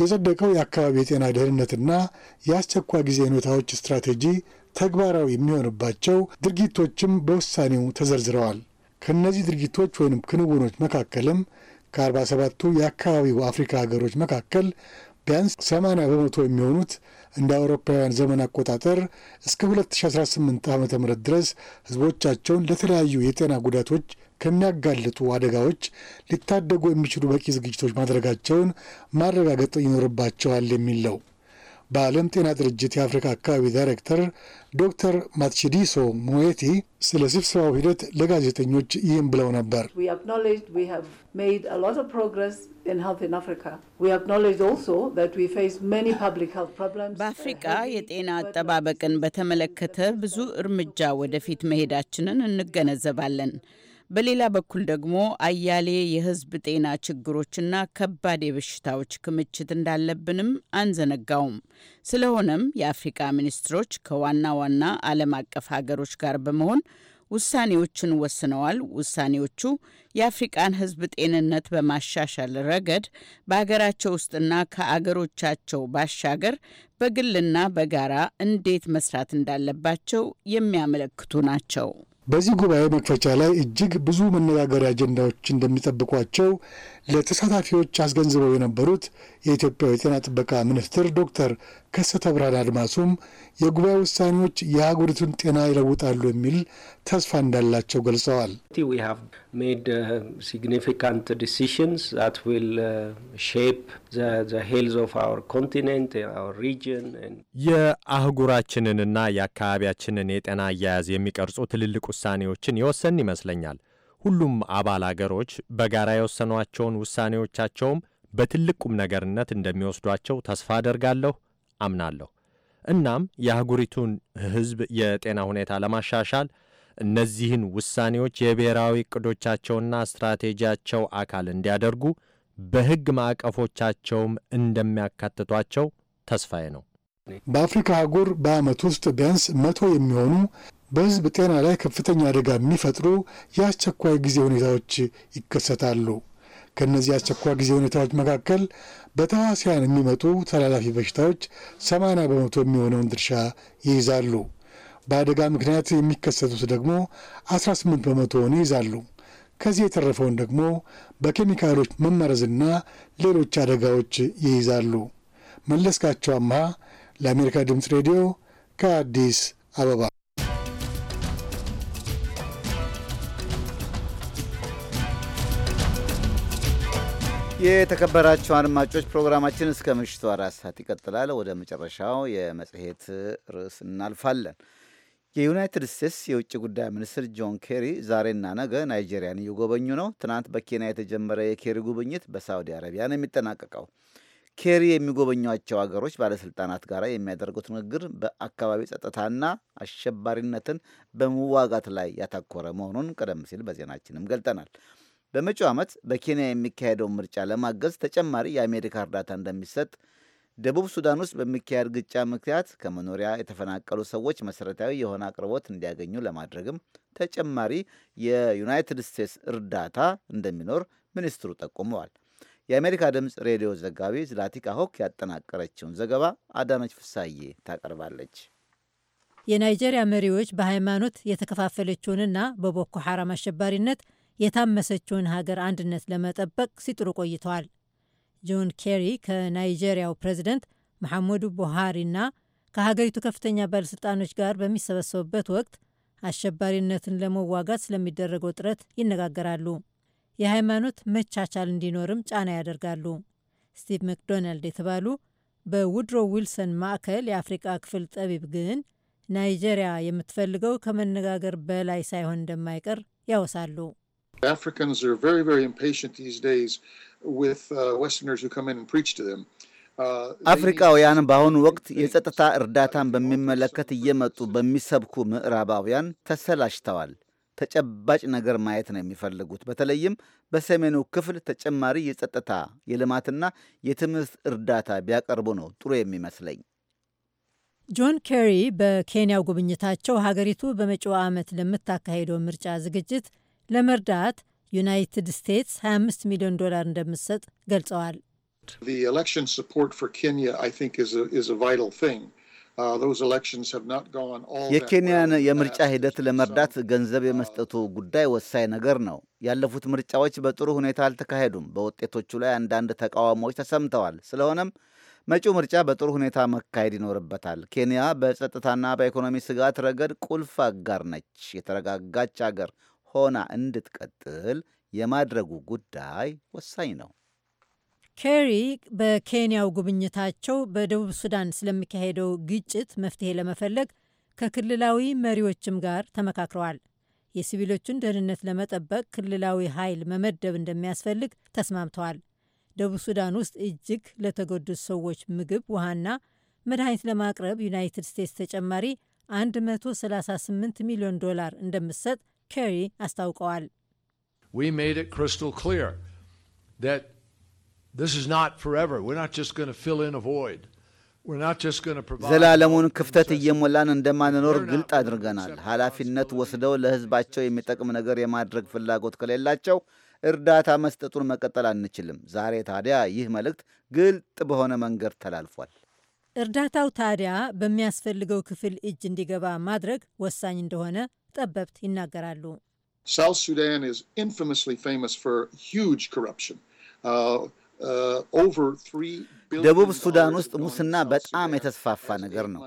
የጸደቀው የአካባቢ የጤና ደህንነትና የአስቸኳይ ጊዜ ሁኔታዎች ስትራቴጂ ተግባራዊ የሚሆንባቸው ድርጊቶችም በውሳኔው ተዘርዝረዋል። ከእነዚህ ድርጊቶች ወይም ክንውኖች መካከልም ከ47ቱ የአካባቢው አፍሪካ ሀገሮች መካከል ቢያንስ 80 በመቶ የሚሆኑት እንደ አውሮፓውያን ዘመን አቆጣጠር እስከ 2018 ዓ ም ድረስ ህዝቦቻቸውን ለተለያዩ የጤና ጉዳቶች ከሚያጋልጡ አደጋዎች ሊታደጉ የሚችሉ በቂ ዝግጅቶች ማድረጋቸውን ማረጋገጥ ይኖርባቸዋል የሚል ነው። በዓለም ጤና ድርጅት የአፍሪካ አካባቢ ዳይሬክተር ዶክተር ማትሺዲሶ ሙዌቲ ስለ ስብሰባው ሂደት ለጋዜጠኞች ይህም ብለው ነበር። በአፍሪቃ የጤና አጠባበቅን በተመለከተ ብዙ እርምጃ ወደፊት መሄዳችንን እንገነዘባለን። በሌላ በኩል ደግሞ አያሌ የህዝብ ጤና ችግሮችና ከባድ የበሽታዎች ክምችት እንዳለብንም አንዘነጋውም። ስለሆነም የአፍሪካ ሚኒስትሮች ከዋና ዋና ዓለም አቀፍ ሀገሮች ጋር በመሆን ውሳኔዎችን ወስነዋል። ውሳኔዎቹ የአፍሪቃን ህዝብ ጤንነት በማሻሻል ረገድ በሀገራቸው ውስጥና ከአገሮቻቸው ባሻገር በግልና በጋራ እንዴት መስራት እንዳለባቸው የሚያመለክቱ ናቸው። በዚህ ጉባኤ መክፈቻ ላይ እጅግ ብዙ መነጋገሪያ አጀንዳዎች እንደሚጠብቋቸው ለተሳታፊዎች አስገንዝበው የነበሩት የኢትዮጵያ የጤና ጥበቃ ሚኒስትር ዶክተር ከሰተ ብርሃን አድማሱም የጉባኤ ውሳኔዎች የአህጉሪቱን ጤና ይለውጣሉ የሚል ተስፋ እንዳላቸው ገልጸዋል። uh, uh, የአህጉራችንንና የአካባቢያችንን የጤና አያያዝ የሚቀርጹ ትልልቅ ውሳኔዎችን የወሰን ይመስለኛል። ሁሉም አባል አገሮች በጋራ የወሰኗቸውን ውሳኔዎቻቸውም በትልቅ ቁም ነገርነት እንደሚወስዷቸው ተስፋ አደርጋለሁ፣ አምናለሁ። እናም የአህጉሪቱን ሕዝብ የጤና ሁኔታ ለማሻሻል እነዚህን ውሳኔዎች የብሔራዊ እቅዶቻቸውና ስትራቴጂያቸው አካል እንዲያደርጉ በሕግ ማዕቀፎቻቸውም እንደሚያካትቷቸው ተስፋዬ ነው። በአፍሪካ አህጉር በዓመት ውስጥ ቢያንስ መቶ የሚሆኑ በሕዝብ ጤና ላይ ከፍተኛ አደጋ የሚፈጥሩ የአስቸኳይ ጊዜ ሁኔታዎች ይከሰታሉ። ከእነዚህ አስቸኳይ ጊዜ ሁኔታዎች መካከል በተዋሲያን የሚመጡ ተላላፊ በሽታዎች ሰማንያ በመቶ የሚሆነውን ድርሻ ይይዛሉ። በአደጋ ምክንያት የሚከሰቱት ደግሞ 18 በመቶውን ይይዛሉ። ከዚህ የተረፈውን ደግሞ በኬሚካሎች መመረዝና ሌሎች አደጋዎች ይይዛሉ። መለስካቸው አምሃ ለአሜሪካ ድምፅ ሬዲዮ ከአዲስ አበባ። የተከበራቸው አድማጮች ፕሮግራማችን እስከ ምሽቱ አራት ሰዓት ይቀጥላል። ወደ መጨረሻው የመጽሔት ርዕስ እናልፋለን። የዩናይትድ ስቴትስ የውጭ ጉዳይ ሚኒስትር ጆን ኬሪ ዛሬና ነገ ናይጄሪያን እየጎበኙ ነው። ትናንት በኬንያ የተጀመረ የኬሪ ጉብኝት በሳውዲ አረቢያ ነው የሚጠናቀቀው። ኬሪ የሚጎበኟቸው አገሮች ባለስልጣናት ጋር የሚያደርጉት ንግግር በአካባቢ ጸጥታና አሸባሪነትን በመዋጋት ላይ ያተኮረ መሆኑን ቀደም ሲል በዜናችንም ገልጠናል። በመጪው ዓመት በኬንያ የሚካሄደውን ምርጫ ለማገዝ ተጨማሪ የአሜሪካ እርዳታ እንደሚሰጥ ደቡብ ሱዳን ውስጥ በሚካሄድ ግጫ ምክንያት ከመኖሪያ የተፈናቀሉ ሰዎች መሠረታዊ የሆነ አቅርቦት እንዲያገኙ ለማድረግም ተጨማሪ የዩናይትድ ስቴትስ እርዳታ እንደሚኖር ሚኒስትሩ ጠቁመዋል። የአሜሪካ ድምፅ ሬዲዮ ዘጋቢ ዝላቲካ ሆክ ያጠናቀረችውን ዘገባ አዳነች ፍሳዬ ታቀርባለች። የናይጄሪያ መሪዎች በሃይማኖት የተከፋፈለችውንና በቦኮ ሐራም አሸባሪነት የታመሰችውን ሀገር አንድነት ለመጠበቅ ሲጥሩ ቆይተዋል። ጆን ኬሪ ከናይጄሪያው ፕሬዚደንት መሐመዱ ቡሃሪና ከሀገሪቱ ከፍተኛ ባለሥልጣኖች ጋር በሚሰበሰቡበት ወቅት አሸባሪነትን ለመዋጋት ስለሚደረገው ጥረት ይነጋገራሉ። የሃይማኖት መቻቻል እንዲኖርም ጫና ያደርጋሉ። ስቲቭ መክዶናልድ የተባሉ በውድሮ ዊልሰን ማዕከል የአፍሪቃ ክፍል ጠቢብ ግን ናይጄሪያ የምትፈልገው ከመነጋገር በላይ ሳይሆን እንደማይቀር ያወሳሉ። Africans are very, very impatient these days with uh, Westerners who come in and preach to them. አፍሪካውያን uh, በአሁኑ ወቅት የጸጥታ እርዳታን በሚመለከት እየመጡ በሚሰብኩ ምዕራባውያን ተሰላችተዋል። ተጨባጭ ነገር ማየት ነው የሚፈልጉት። በተለይም በሰሜኑ ክፍል ተጨማሪ የጸጥታ የልማትና የትምህርት እርዳታ ቢያቀርቡ ነው ጥሩ የሚመስለኝ። ጆን ኬሪ በኬንያው ጉብኝታቸው ሀገሪቱ በመጪው ዓመት ለምታካሄደው ምርጫ ዝግጅት ለመርዳት ዩናይትድ ስቴትስ 25 ሚሊዮን ዶላር እንደምትሰጥ ገልጸዋል። uh, የኬንያን የምርጫ uh, ሂደት ለመርዳት ገንዘብ የመስጠቱ uh, ጉዳይ ወሳኝ ነገር ነው። ያለፉት ምርጫዎች በጥሩ ሁኔታ አልተካሄዱም። በውጤቶቹ ላይ አንዳንድ ተቃውሞዎች ተሰምተዋል። ስለሆነም መጪው ምርጫ በጥሩ ሁኔታ መካሄድ ይኖርበታል። ኬንያ በጸጥታና በኢኮኖሚ ስጋት ረገድ ቁልፍ አጋር ነች። የተረጋጋች አገር ሆና እንድትቀጥል የማድረጉ ጉዳይ ወሳኝ ነው። ኬሪ በኬንያው ጉብኝታቸው በደቡብ ሱዳን ስለሚካሄደው ግጭት መፍትሄ ለመፈለግ ከክልላዊ መሪዎችም ጋር ተመካክረዋል። የሲቪሎቹን ደህንነት ለመጠበቅ ክልላዊ ኃይል መመደብ እንደሚያስፈልግ ተስማምተዋል። ደቡብ ሱዳን ውስጥ እጅግ ለተጎዱት ሰዎች ምግብ፣ ውሃና መድኃኒት ለማቅረብ ዩናይትድ ስቴትስ ተጨማሪ 138 ሚሊዮን ዶላር እንደምትሰጥ ኬሪ አስታውቀዋል። ዘላለሙን ክፍተት እየሞላን እንደማንኖር ግልጥ አድርገናል። ኃላፊነት ወስደው ለሕዝባቸው የሚጠቅም ነገር የማድረግ ፍላጎት ከሌላቸው እርዳታ መስጠቱን መቀጠል አንችልም። ዛሬ ታዲያ ይህ መልእክት ግልጥ በሆነ መንገድ ተላልፏል። እርዳታው ታዲያ በሚያስፈልገው ክፍል እጅ እንዲገባ ማድረግ ወሳኝ እንደሆነ ጠበብት ይናገራሉ። ሳውት ሱዳን uh, uh, ደቡብ ሱዳን ውስጥ ሙስና በጣም የተስፋፋ ነገር ነው።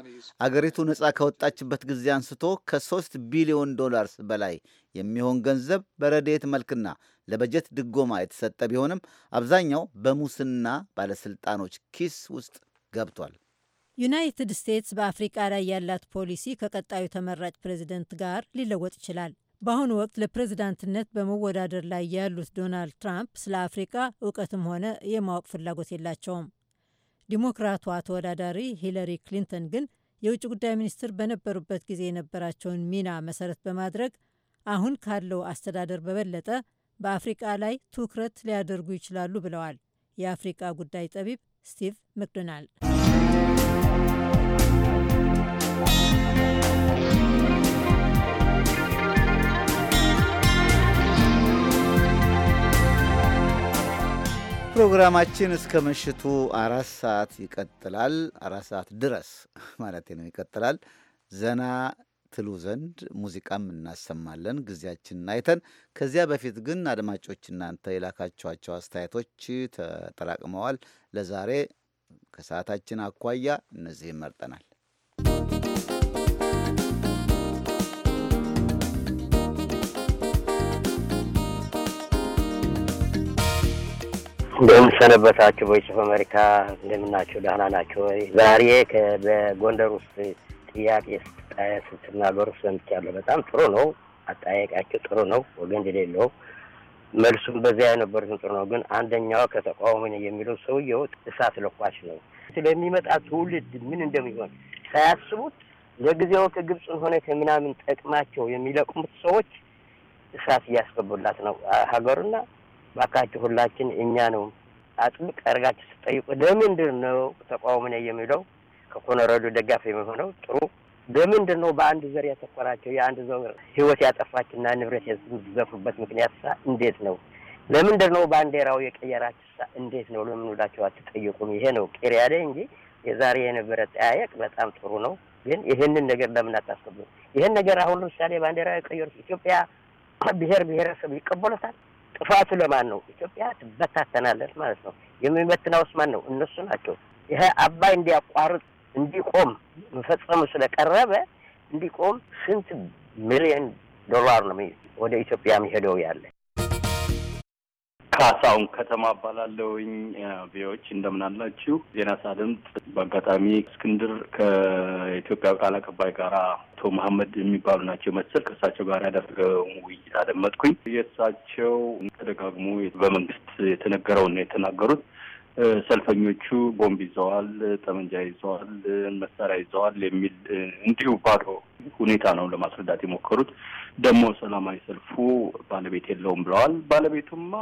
አገሪቱ ነፃ ከወጣችበት ጊዜ አንስቶ ከሶስት ቢሊዮን ዶላርስ በላይ የሚሆን ገንዘብ በረድኤት መልክና ለበጀት ድጎማ የተሰጠ ቢሆንም አብዛኛው በሙስና ባለሥልጣኖች ኪስ ውስጥ ገብቷል። ዩናይትድ ስቴትስ በአፍሪቃ ላይ ያላት ፖሊሲ ከቀጣዩ ተመራጭ ፕሬዚደንት ጋር ሊለወጥ ይችላል። በአሁኑ ወቅት ለፕሬዚዳንትነት በመወዳደር ላይ ያሉት ዶናልድ ትራምፕ ስለ አፍሪቃ እውቀትም ሆነ የማወቅ ፍላጎት የላቸውም። ዲሞክራቷ ተወዳዳሪ ሂለሪ ክሊንተን ግን የውጭ ጉዳይ ሚኒስትር በነበሩበት ጊዜ የነበራቸውን ሚና መሰረት በማድረግ አሁን ካለው አስተዳደር በበለጠ በአፍሪቃ ላይ ትኩረት ሊያደርጉ ይችላሉ ብለዋል የአፍሪቃ ጉዳይ ጠቢብ ስቲቭ መክዶናልድ። ፕሮግራማችን እስከ ምሽቱ አራት ሰዓት ይቀጥላል። አራት ሰዓት ድረስ ማለት ነው ይቀጥላል። ዘና ትሉ ዘንድ ሙዚቃም እናሰማለን ጊዜያችንን አይተን። ከዚያ በፊት ግን አድማጮች እናንተ የላካችኋቸው አስተያየቶች ተጠራቅመዋል። ለዛሬ ከሰዓታችን አኳያ እነዚህም መርጠናል። እንደምን ሰነበታችሁ? ቮይስ ኦፍ አሜሪካ እንደምናችሁ? ደህና ናችሁ ወይ? ዛሬ በጎንደር ውስጥ ጥያቄ ስትናገሩ ሰምቻለሁ። በጣም ጥሩ ነው። አጠያየቃችሁ ጥሩ ነው፣ ወገን የሌለው መልሱም በዚያ የነበሩትን ጥሩ ነው። ግን አንደኛው ከተቃዋሚ ነው የሚለው ሰውየው እሳት ለኳሽ ነው። ስለሚመጣ ትውልድ ምን እንደሚሆን ሳያስቡት ለጊዜው ከግብፅን ሆነ ከምናምን ጠቅማቸው የሚለቅሙት ሰዎች እሳት እያስገቡላት ነው ሀገሩና ባካችሁ ሁላችን እኛ ነው አጥብቅ አድርጋችሁ ስጠይቁ ለምንድን ነው ተቃውሞ ነው የሚለው ከኮኖረዶ ደጋፊ የሚሆነው ጥሩ በምንድን ነው በአንድ ዘር ያተኮራቸው የአንድ ዘር ህይወት ያጠፋችና ንብረት የዘፉበት ምክንያት እንዴት ነው? ለምንድን ነው የቀየራች ሳ እንዴት ነው? ለምንላቸው አትጠይቁም? ይሄ ነው ቅር ያለ እንጂ የዛሬ የነበረ ጠያየቅ በጣም ጥሩ ነው። ግን ይህንን ነገር ለምን አታስቡ ይህን ነገር አሁን ለምሳሌ ባንዲራ የቀየሩት ኢትዮጵያ ብሔር ብሔረሰብ ይቀበሉታል። ጥፋቱ ለማን ነው? ኢትዮጵያ ትበታተናለች ማለት ነው። የሚመትናውስ ማን ነው? እነሱ ናቸው። ይሄ አባይ እንዲያቋርጥ እንዲቆም መፈጸሙ ስለቀረበ እንዲቆም ስንት ሚሊዮን ዶላር ነው ወደ ኢትዮጵያ የሚሄደው ያለ ካሳሁን ከተማ እባላለሁኝ። ቪዎች እንደምን አላችሁ? ዜና ሳድምጥ በአጋጣሚ እስክንድር ከኢትዮጵያ ቃል አቀባይ ጋር አቶ መሀመድ የሚባሉ ናቸው መሰል ከእሳቸው ጋር ያደረገው ውይይት አደመጥኩኝ። የእሳቸው ተደጋግሞ በመንግስት የተነገረውን ነው የተናገሩት። ሰልፈኞቹ ቦምብ ይዘዋል፣ ጠመንጃ ይዘዋል፣ መሳሪያ ይዘዋል የሚል እንዲሁ ባዶ ሁኔታ ነው ለማስረዳት የሞከሩት። ደግሞ ሰላማዊ ሰልፉ ባለቤት የለውም ብለዋል። ባለቤቱማ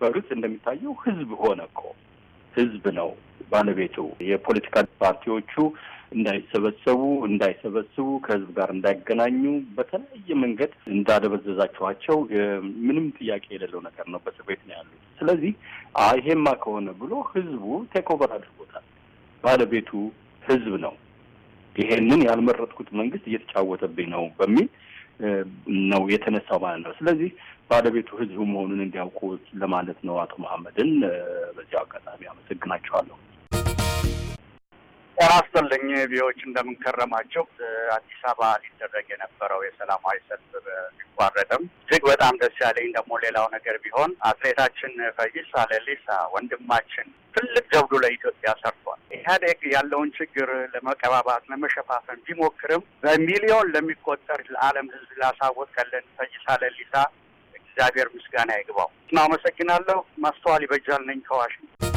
በሩት እንደሚታየው ህዝብ ሆነ እኮ ህዝብ ነው ባለቤቱ። የፖለቲካ ፓርቲዎቹ እንዳይሰበሰቡ እንዳይሰበስቡ ከህዝብ ጋር እንዳይገናኙ በተለያየ መንገድ እንዳደበዘዛችኋቸው ምንም ጥያቄ የሌለው ነገር ነው። በእስር ቤት ነው ያሉት። ስለዚህ ይሄማ ከሆነ ብሎ ህዝቡ ቴክ አድርጎታል። ባለቤቱ ህዝብ ነው። ይሄንን ያልመረጥኩት መንግስት እየተጫወተብኝ ነው በሚል ነው የተነሳው ማለት ነው። ስለዚህ ባለቤቱ ህዝቡ መሆኑን እንዲያውቁ ለማለት ነው። አቶ መሐመድን በዚያው አጋጣሚ አመሰግናቸዋለሁ። ጤና ይስጥልኝ ቢዎች እንደምንከረማቸው። አዲስ አበባ ሊደረግ የነበረው የሰላማዊ ሰልፍ ቢቋረጥም እጅግ በጣም ደስ ያለኝ ደግሞ ሌላው ነገር ቢሆን አትሌታችን ፈይሳ ሌሊሳ ወንድማችን ትልቅ ጀብዱ ለኢትዮጵያ ሰርቷል። ኢህአዴግ ያለውን ችግር ለመቀባባት ለመሸፋፈን ቢሞክርም በሚሊዮን ለሚቆጠር ለዓለም ህዝብ ላሳወቀልን ፈይሳ ሌሊሳ እግዚአብሔር ምስጋና ይግባው። እናመሰግናለሁ። ማስተዋል ይበጃል ነኝ ከዋሽንግተን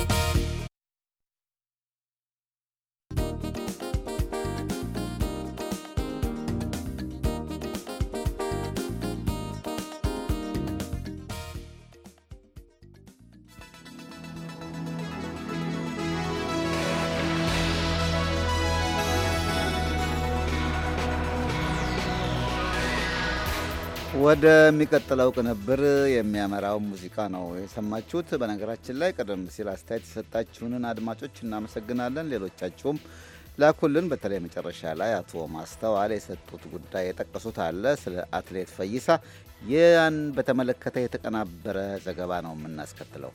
ወደሚቀጥለው ቅንብር የሚያመራው ሙዚቃ ነው የሰማችሁት። በነገራችን ላይ ቀደም ሲል አስተያየት የሰጣችሁንን አድማጮች እናመሰግናለን። ሌሎቻችሁም ላኩልን። በተለይ መጨረሻ ላይ አቶ ማስተዋል የሰጡት ጉዳይ የጠቀሱት አለ ስለ አትሌት ፈይሳ ያን በተመለከተ የተቀናበረ ዘገባ ነው የምናስከትለው።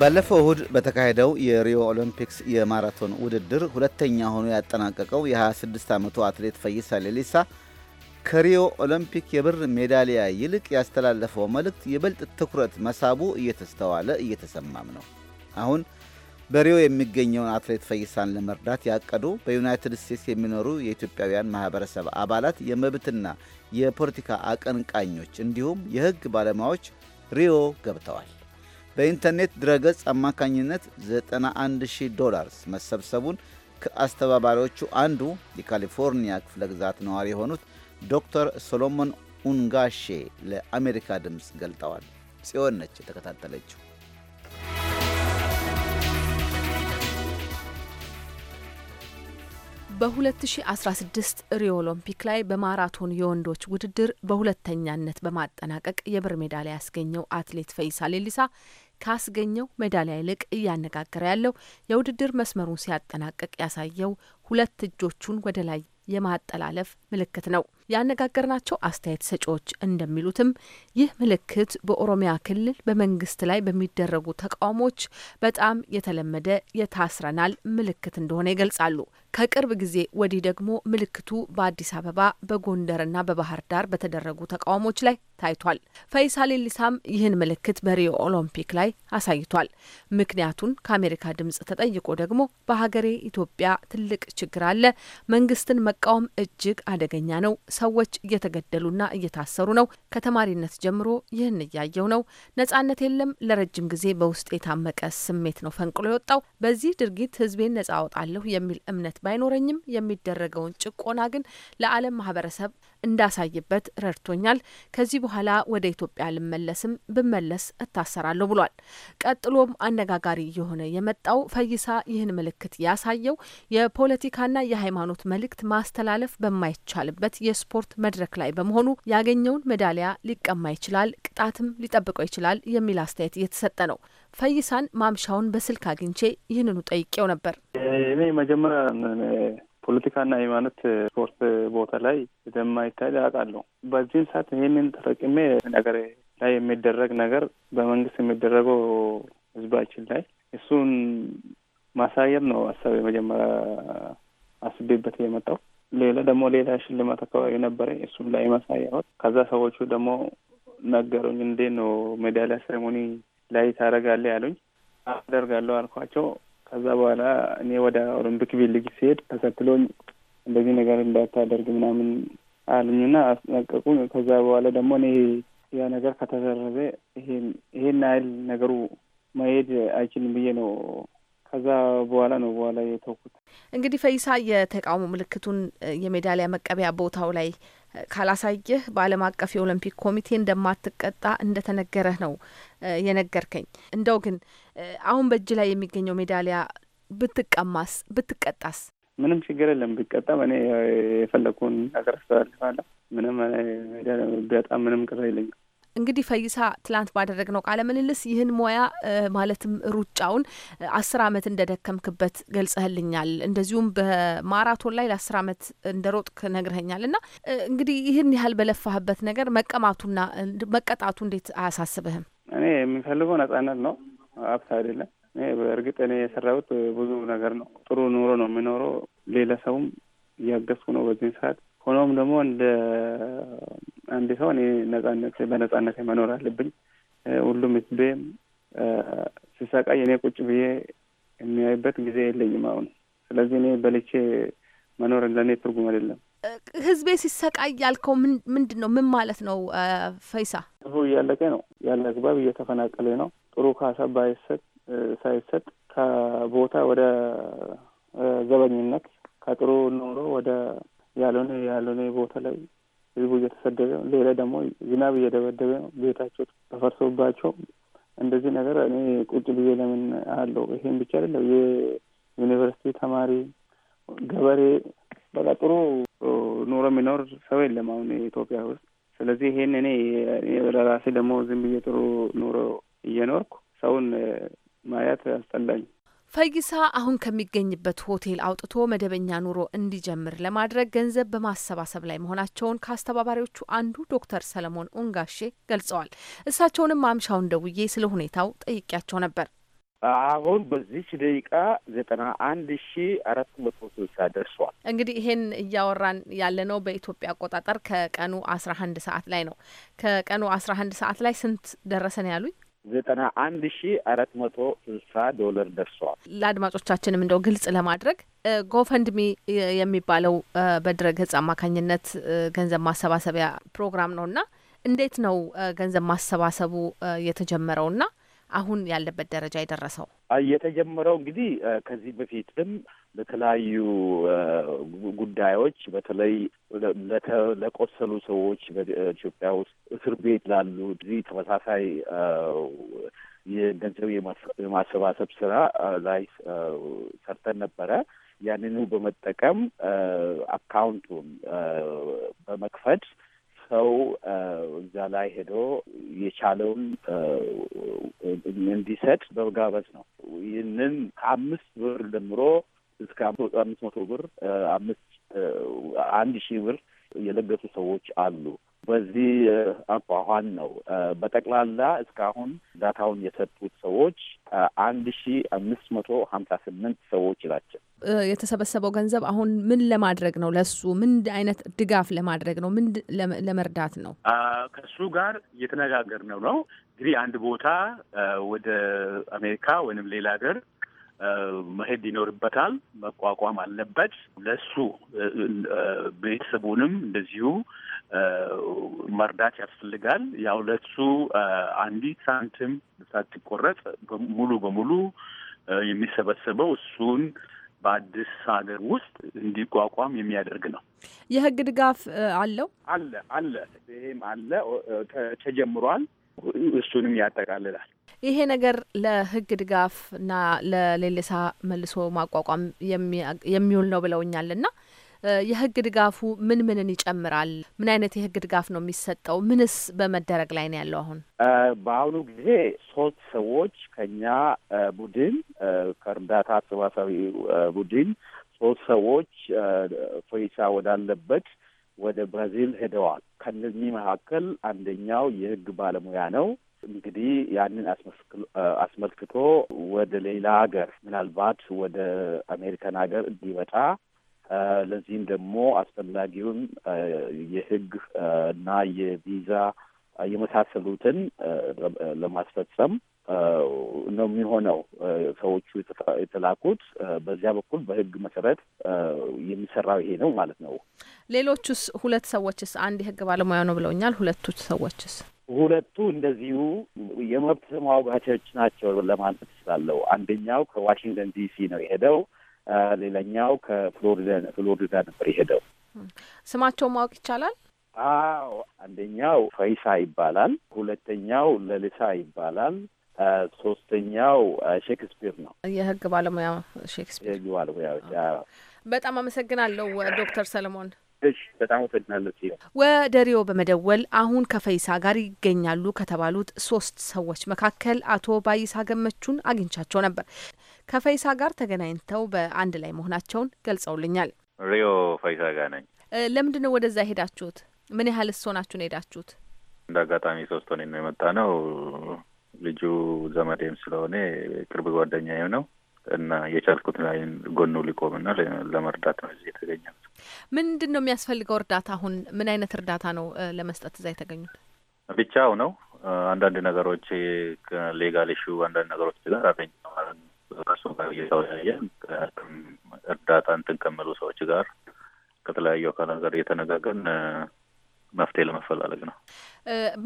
ባለፈው እሁድ በተካሄደው የሪዮ ኦሎምፒክስ የማራቶን ውድድር ሁለተኛ ሆኖ ያጠናቀቀው የ26 ዓመቱ አትሌት ፈይሳ ሌሊሳ ከሪዮ ኦሎምፒክ የብር ሜዳሊያ ይልቅ ያስተላለፈው መልእክት ይበልጥ ትኩረት መሳቡ እየተስተዋለ እየተሰማም ነው። አሁን በሪዮ የሚገኘውን አትሌት ፈይሳን ለመርዳት ያቀዱ በዩናይትድ ስቴትስ የሚኖሩ የኢትዮጵያውያን ማህበረሰብ አባላት፣ የመብትና የፖለቲካ አቀንቃኞች እንዲሁም የሕግ ባለሙያዎች ሪዮ ገብተዋል። በኢንተርኔት ድረገጽ አማካኝነት 91000 ዶላርስ መሰብሰቡን ከአስተባባሪዎቹ አንዱ የካሊፎርኒያ ክፍለ ግዛት ነዋሪ የሆኑት ዶክተር ሶሎሞን ኡንጋሼ ለአሜሪካ ድምፅ ገልጠዋል። ጽዮን ነች የተከታተለችው። በ2016 ሪዮ ኦሎምፒክ ላይ በማራቶን የወንዶች ውድድር በሁለተኛነት በማጠናቀቅ የብር ሜዳሊያ ያስገኘው አትሌት ፈይሳ ሌሊሳ ካስገኘው ሜዳሊያ ይልቅ እያነጋገረ ያለው የውድድር መስመሩን ሲያጠናቅቅ ያሳየው ሁለት እጆቹን ወደ ላይ የማጠላለፍ ምልክት ነው። ያነጋገርናቸው አስተያየት ሰጪዎች እንደሚሉትም ይህ ምልክት በኦሮሚያ ክልል በመንግስት ላይ በሚደረጉ ተቃውሞዎች በጣም የተለመደ የታስረናል ምልክት እንደሆነ ይገልጻሉ። ከቅርብ ጊዜ ወዲህ ደግሞ ምልክቱ በአዲስ አበባ በጎንደርና በባህር ዳር በተደረጉ ተቃውሞዎች ላይ ታይቷል። ፈይሳ ሌሊሳም ይህን ምልክት በሪዮ ኦሎምፒክ ላይ አሳይቷል። ምክንያቱን ከአሜሪካ ድምጽ ተጠይቆ ደግሞ በሀገሬ ኢትዮጵያ ትልቅ ችግር አለ፣ መንግስትን መቃወም እጅግ አደገኛ ነው። ሰዎች እየተገደሉና እየታሰሩ ነው። ከተማሪነት ጀምሮ ይህን እያየው ነው። ነጻነት የለም። ለረጅም ጊዜ በውስጥ የታመቀ ስሜት ነው ፈንቅሎ የወጣው። በዚህ ድርጊት ህዝቤን ነጻ አወጣለሁ የሚል እምነት ባይኖረኝም የሚደረገውን ጭቆና ግን ለዓለም ማህበረሰብ እንዳሳይበት ረድቶኛል። ከዚህ በኋላ ወደ ኢትዮጵያ ልመለስም ብመለስ እታሰራለሁ ብሏል። ቀጥሎም አነጋጋሪ የሆነ የመጣው ፈይሳ ይህን ምልክት ያሳየው የፖለቲካና የሃይማኖት መልእክት ማስተላለፍ በማይቻልበት የስፖርት መድረክ ላይ በመሆኑ ያገኘውን ሜዳሊያ ሊቀማ ይችላል፣ ቅጣትም ሊጠብቀው ይችላል የሚል አስተያየት እየተሰጠ ነው። ፈይሳን ማምሻውን በስልክ አግኝቼ ይህንኑ ጠይቄው ነበር። እኔ መጀመሪያ ፖለቲካና ሃይማኖት ስፖርት ቦታ ላይ እንደማይታይ አውቃለሁ። በዚህን ሰዓት ይህንን ተጠቅሜ ነገር ላይ የሚደረግ ነገር በመንግስት የሚደረገው ህዝባችን ላይ እሱን ማሳየር ነው ሀሳብ የመጀመሪያ አስቤበት የመጣው። ሌላ ደግሞ ሌላ ሽልማት አካባቢ ነበረ፣ እሱም ላይ ማሳየሮት። ከዛ ሰዎቹ ደግሞ ነገሩኝ፣ እንዴ ነው ሜዳሊያ ሴሬሞኒ ላይ ታደርጋለህ ያሉኝ። አደርጋለሁ አልኳቸው። ከዛ በኋላ እኔ ወደ ኦሎምፒክ ቪሌጅ ሲሄድ ተከትሎኝ እንደዚህ ነገር እንዳታደርግ ምናምን አሉኝና አስጠነቀቁኝ። ከዛ በኋላ ደግሞ እኔ ያ ነገር ከተሰረዘ ይሄን ያህል ነገሩ መሄድ አይችልም ብዬ ነው ከዛ በኋላ ነው በኋላ የተውኩት። እንግዲህ ፈይሳ የተቃውሞ ምልክቱን የሜዳሊያ መቀበያ ቦታው ላይ ካላሳየህ በዓለም አቀፍ የኦሎምፒክ ኮሚቴ እንደማትቀጣ እንደተነገረህ ነው የነገርከኝ። እንደው ግን አሁን በእጅ ላይ የሚገኘው ሜዳሊያ ብትቀማስ ብትቀጣስ? ምንም ችግር የለም ብቀጣም፣ እኔ የፈለግኩን ነገር አስተላልፋለሁ። ምንም ምንም ቅር የለኝም። እንግዲህ ፈይሳ ትላንት ባደረግነው ቃለ ምልልስ ይህን ሙያ ማለትም ሩጫውን አስር አመት እንደደከምክበት ገልጸህልኛል። እንደዚሁም በማራቶን ላይ ለአስር አመት እንደ ሮጥክ ነግረኸኛል። እና እንግዲህ ይህን ያህል በለፋህበት ነገር መቀማቱና መቀጣቱ እንዴት አያሳስብህም? እኔ የሚፈልገው ነጻነት ነው። ሀብት አይደለም። በእርግጥ እኔ የሰራሁት ብዙ ነገር ነው። ጥሩ ኑሮ ነው የሚኖረው። ሌላ ሰውም እያገዝኩ ነው በዚህ ሰዓት። ሆኖም ደግሞ እንደ አንድ ሰው እኔ ነጻነት በነጻነት መኖር አለብኝ። ሁሉም ህዝቤም ሲሰቃይ እኔ ቁጭ ብዬ የሚያይበት ጊዜ የለኝም አሁን። ስለዚህ እኔ በልቼ መኖር ለእኔ ትርጉም አይደለም። ህዝቤ ሲሰቃይ ያልከው ምንድን ነው? ምን ማለት ነው ፈይሳ? ህዝቡ እያለቀ ነው፣ ያለ አግባብ እየተፈናቀለ ነው። ጥሩ ካሳ ባይሰጥ ሳይሰጥ ከቦታ ወደ ዘበኝነት ከጥሩ ኖሮ ወደ ያልሆነ ያልሆነ ቦታ ላይ ህዝቡ እየተሰደበ ነው። ሌላ ደግሞ ዝናብ እየደበደበ ነው። ቤታቸው ተፈርሶባቸው እንደዚህ ነገር እኔ ቁጭ ብዬ ለምን አለው። ይሄን ብቻ አይደለም የዩኒቨርሲቲ ተማሪ፣ ገበሬ በቃ ጥሩ ኑሮ የሚኖር ሰው የለም አሁን ኢትዮጵያ ውስጥ። ስለዚህ ይሄን እኔ ለራሴ ደግሞ ዝም ብዬ ጥሩ ኑሮ እየኖርኩ ሰውን ማየት አስጠላኝ። ፈይሳ አሁን ከሚገኝበት ሆቴል አውጥቶ መደበኛ ኑሮ እንዲጀምር ለማድረግ ገንዘብ በማሰባሰብ ላይ መሆናቸውን ከአስተባባሪዎቹ አንዱ ዶክተር ሰለሞን ኦንጋሼ ገልጸዋል። እሳቸውንም ማምሻውን ደውዬ ስለ ሁኔታው ጠይቄያቸው ነበር። አሁን በዚች ደቂቃ ዘጠና አንድ ሺ አራት መቶ ስልሳ ደርሷል። እንግዲህ ይሄን እያወራን ያለ ነው በኢትዮጵያ አቆጣጠር ከቀኑ አስራ አንድ ሰዓት ላይ ነው። ከቀኑ አስራ አንድ ሰዓት ላይ ስንት ደረሰን ያሉኝ? ዘጠና አንድ ሺ አራት መቶ ስልሳ ዶላር ደርሰዋል። ለአድማጮቻችንም እንደው ግልጽ ለማድረግ ጎፈንድሚ የሚባለው በድረገጽ አማካኝነት ገንዘብ ማሰባሰቢያ ፕሮግራም ነው እና እንዴት ነው ገንዘብ ማሰባሰቡ የተጀመረው እና አሁን ያለበት ደረጃ የደረሰው? የተጀመረው እንግዲህ ከዚህ በፊትም ለተለያዩ ጉዳዮች በተለይ ለቆሰሉ ሰዎች በኢትዮጵያ ውስጥ እስር ቤት ላሉ እዚህ ተመሳሳይ የገንዘብ የማሰባሰብ ስራ ላይ ሰርተን ነበረ። ያንኑ በመጠቀም አካውንቱን በመክፈት ሰው እዛ ላይ ሄዶ የቻለውን እንዲሰጥ በመጋበዝ ነው። ይህንን ከአምስት ብር ጀምሮ እስከ አምስት መቶ ብር አምስት አንድ ሺህ ብር የለገሱ ሰዎች አሉ። በዚህ አኳኋን ነው በጠቅላላ እስካሁን ዳታውን የሰጡት ሰዎች አንድ ሺ አምስት መቶ ሀምሳ ስምንት ሰዎች ናቸው። የተሰበሰበው ገንዘብ አሁን ምን ለማድረግ ነው? ለሱ ምን አይነት ድጋፍ ለማድረግ ነው? ምን ለመርዳት ነው? ከሱ ጋር እየተነጋገር ነው ነው እንግዲህ አንድ ቦታ ወደ አሜሪካ ወይንም ሌላ ሀገር መሄድ ይኖርበታል፣ መቋቋም አለበት። ለሱ ቤተሰቡንም እንደዚሁ መርዳት ያስፈልጋል። ያው ለሱ አንዲት ሳንቲም ሳትቆረጥ ሙሉ በሙሉ የሚሰበሰበው እሱን በአዲስ ሀገር ውስጥ እንዲቋቋም የሚያደርግ ነው። የህግ ድጋፍ አለው አለ አለ ይሄም አለ ተጀምሯል። እሱንም ያጠቃልላል። ይሄ ነገር ለህግ ድጋፍና ለሌሌሳ መልሶ ማቋቋም የሚውል ነው ብለውኛል እና የህግ ድጋፉ ምን ምንን ይጨምራል? ምን አይነት የህግ ድጋፍ ነው የሚሰጠው? ምንስ በመደረግ ላይ ነው ያለው? አሁን በአሁኑ ጊዜ ሶስት ሰዎች ከኛ ቡድን ከእርዳታ አሰባሳቢ ቡድን ሶስት ሰዎች ፎይሳ ወዳለበት ወደ ብራዚል ሄደዋል። ከነዚህ መካከል አንደኛው የህግ ባለሙያ ነው። እንግዲህ ያንን አስመልክቶ ወደ ሌላ ሀገር ምናልባት ወደ አሜሪካን ሀገር እንዲመጣ ለዚህም ደግሞ አስፈላጊውን የሕግ እና የቪዛ የመሳሰሉትን ለማስፈጸም ነው የሚሆነው። ሰዎቹ የተላኩት በዚያ በኩል በህግ መሰረት የሚሰራው ይሄ ነው ማለት ነው። ሌሎቹስ ሁለት ሰዎችስ? አንድ የህግ ባለሙያ ነው ብለውኛል። ሁለቱ ሰዎችስ? ሁለቱ እንደዚሁ የመብት ተሟጋቾች ናቸው ለማለት እችላለሁ። አንደኛው ከዋሽንግተን ዲሲ ነው የሄደው። ሌላኛው ከፍሎሪዳ ነበር የሄደው። ስማቸው ማወቅ ይቻላል? አዎ አንደኛው ፈይሳ ይባላል። ሁለተኛው ለልሳ ይባላል። ሶስተኛው ሼክስፒር ነው። የህግ ባለሙያ ሼክስፒር የህግ በጣም አመሰግናለሁ ዶክተር ሰለሞን። እሺ በጣም አመሰግናለሁ። ወደ ሪዮ በመደወል አሁን ከፈይሳ ጋር ይገኛሉ ከተባሉት ሶስት ሰዎች መካከል አቶ ባይሳ ገመቹን አግኝቻቸው ነበር። ከፈይሳ ጋር ተገናኝተው በአንድ ላይ መሆናቸውን ገልጸውልኛል። ሪዮ ፈይሳ ጋር ነኝ። ለምንድን ነው ወደዛ ሄዳችሁት? ምን ያህል እሶ ሄዳችሁት? እንደ አጋጣሚ ሶስት ሆኔ ነው የመጣ ነው ልጁ ዘመዴም ስለሆነ ቅርብ ጓደኛዬም ነው እና የቻልኩት ላይ ጎኑ ሊቆምና ለመርዳት ነው እዚህ የተገኘው። ምንድን ነው የሚያስፈልገው እርዳታ? አሁን ምን አይነት እርዳታ ነው ለመስጠት እዛ የተገኙት? ብቻው ነው አንዳንድ ነገሮች ሌጋል ሹ አንዳንድ ነገሮች ጋር አገኘ ራሱ ጋር እየተወያየ እርዳታ እንትን ሰዎች ጋር ከተለያዩ አካላት ጋር እየተነጋገን መፍትሄ ለመፈላለግ ነው።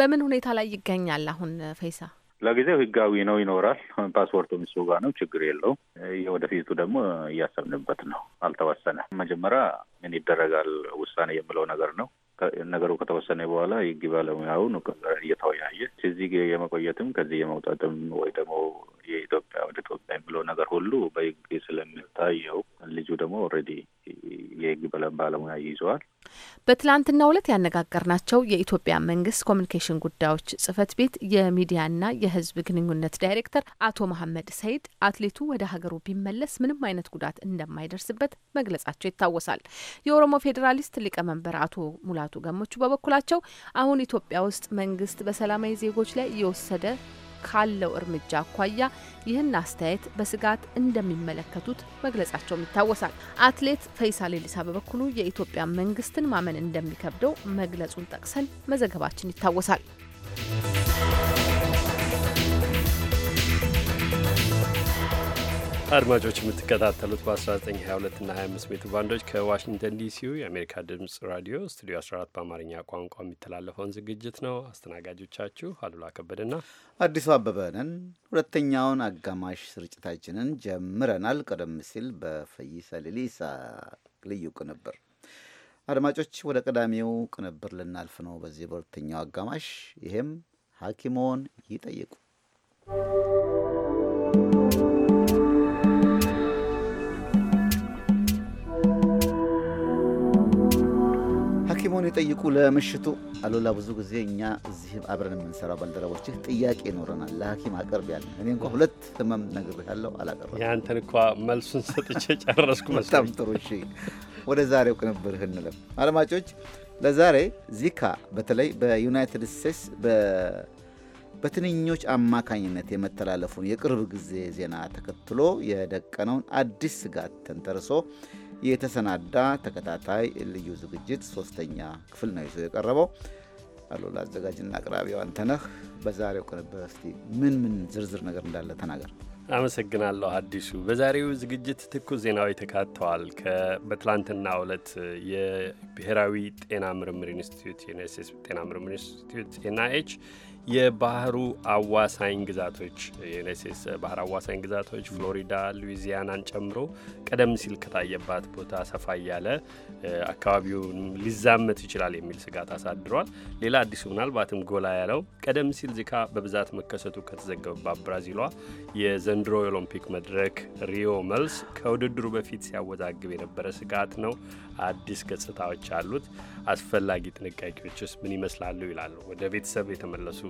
በምን ሁኔታ ላይ ይገኛል አሁን ፌሳ? ለጊዜው ህጋዊ ነው ይኖራል። ፓስፖርቱ እሱ ጋር ነው፣ ችግር የለውም። የወደፊቱ ደግሞ እያሰብንበት ነው፣ አልተወሰነ። መጀመሪያ ምን ይደረጋል ውሳኔ የሚለው ነገር ነው። ነገሩ ከተወሰነ በኋላ ህግ ባለሙያውን እየተወያየ እዚህ የመቆየትም ከዚህ የመውጣትም ወይ ደግሞ የኢትዮጵያ ወደ ኢትዮጵያ የሚለው ነገር ሁሉ በህግ ስለሚታየው ልጁ ደግሞ ኦልሬዲ የህግ ባለሙያ ይዘዋል። በትላንትናው ያነጋገር ያነጋገርናቸው የኢትዮጵያ መንግስት ኮሚኒኬሽን ጉዳዮች ጽህፈት ቤት የሚዲያና የህዝብ ግንኙነት ዳይሬክተር አቶ መሐመድ ሰይድ አትሌቱ ወደ ሀገሩ ቢመለስ ምንም አይነት ጉዳት እንደማይደርስበት መግለጻቸው ይታወሳል። የኦሮሞ ፌዴራሊስት ሊቀመንበር አቶ ሙላቱ ገመቹ በበኩላቸው አሁን ኢትዮጵያ ውስጥ መንግስት በሰላማዊ ዜጎች ላይ እየወሰደ ካለው እርምጃ አኳያ ይህን አስተያየት በስጋት እንደሚመለከቱት መግለጻቸውም ይታወሳል። አትሌት ፈይሳ ሌሊሳ በበኩሉ የኢትዮጵያ መንግስትን ማመን እንደሚከብደው መግለጹን ጠቅሰን መዘገባችን ይታወሳል። አድማጮች የምትከታተሉት በ1922 እና 25 ሜትር ባንዶች ከዋሽንግተን ዲሲው የአሜሪካ ድምፅ ራዲዮ ስቱዲዮ 14 በአማርኛ ቋንቋ የሚተላለፈውን ዝግጅት ነው። አስተናጋጆቻችሁ አሉላ ከበደና አዲሱ አበበንን ሁለተኛውን አጋማሽ ስርጭታችንን ጀምረናል። ቀደም ሲል በፈይሰ ሊሊሳ ልዩ ቅንብር አድማጮች፣ ወደ ቀዳሚው ቅንብር ልናልፍ ነው። በዚህ በሁለተኛው አጋማሽ ይሄም ሐኪሞን ይጠይቁ ሐኪሙን ይጠይቁ ለምሽቱ አሉላ። ብዙ ጊዜ እኛ እዚህ አብረን የምንሰራው ባልደረቦች ጥያቄ ይኖረናል፣ ለሐኪም አቅርብ ያለ እኔ እንኳ ሁለት ህመም ነግሬሃለሁ፣ አላቀረብም። ያንተን እኳ መልሱን ሰጥቼ ጨረስኩ። በጣም ጥሩ። እሺ ወደ ዛሬው ቅንብርህ እንለም። አድማጮች፣ ለዛሬ ዚካ በተለይ በዩናይትድ ስቴትስ በትንኞች አማካኝነት የመተላለፉን የቅርብ ጊዜ ዜና ተከትሎ የደቀነውን አዲስ ስጋት ተንተርሶ የተሰናዳ ተከታታይ ልዩ ዝግጅት ሶስተኛ ክፍል ነው ይዞ የቀረበው። አሉላ አዘጋጅና አቅራቢው አንተነህ። በዛሬው ቅንብር እስቲ ምን ምን ዝርዝር ነገር እንዳለ ተናገር። አመሰግናለሁ አዲሱ። በዛሬው ዝግጅት ትኩስ ዜናዎች ተካተዋል። በትላንትና ዕለት የብሔራዊ ጤና ምርምር ኢንስቲትዩት የዩናይት ስቴትስ ጤና ምርምር ኢንስቲትዩት ኤንአይኤች የባህሩ አዋሳኝ ግዛቶች የዩናይት ስቴትስ ባህር አዋሳኝ ግዛቶች ፍሎሪዳ፣ ሉዊዚያናን ጨምሮ ቀደም ሲል ከታየባት ቦታ ሰፋ እያለ አካባቢውን ሊዛመት ይችላል የሚል ስጋት አሳድሯል። ሌላ አዲሱ ምናልባትም ጎላ ያለው ቀደም ሲል ዚካ በብዛት መከሰቱ ከተዘገበባት ብራዚሏ የዘንድሮ የኦሎምፒክ መድረክ ሪዮ መልስ ከውድድሩ በፊት ሲያወዛግብ የነበረ ስጋት ነው። አዲስ ገጽታዎች አሉት። አስፈላጊ ጥንቃቄዎችስ ምን ይመስላሉ? ይላሉ ወደ ቤተሰብ የተመለሱ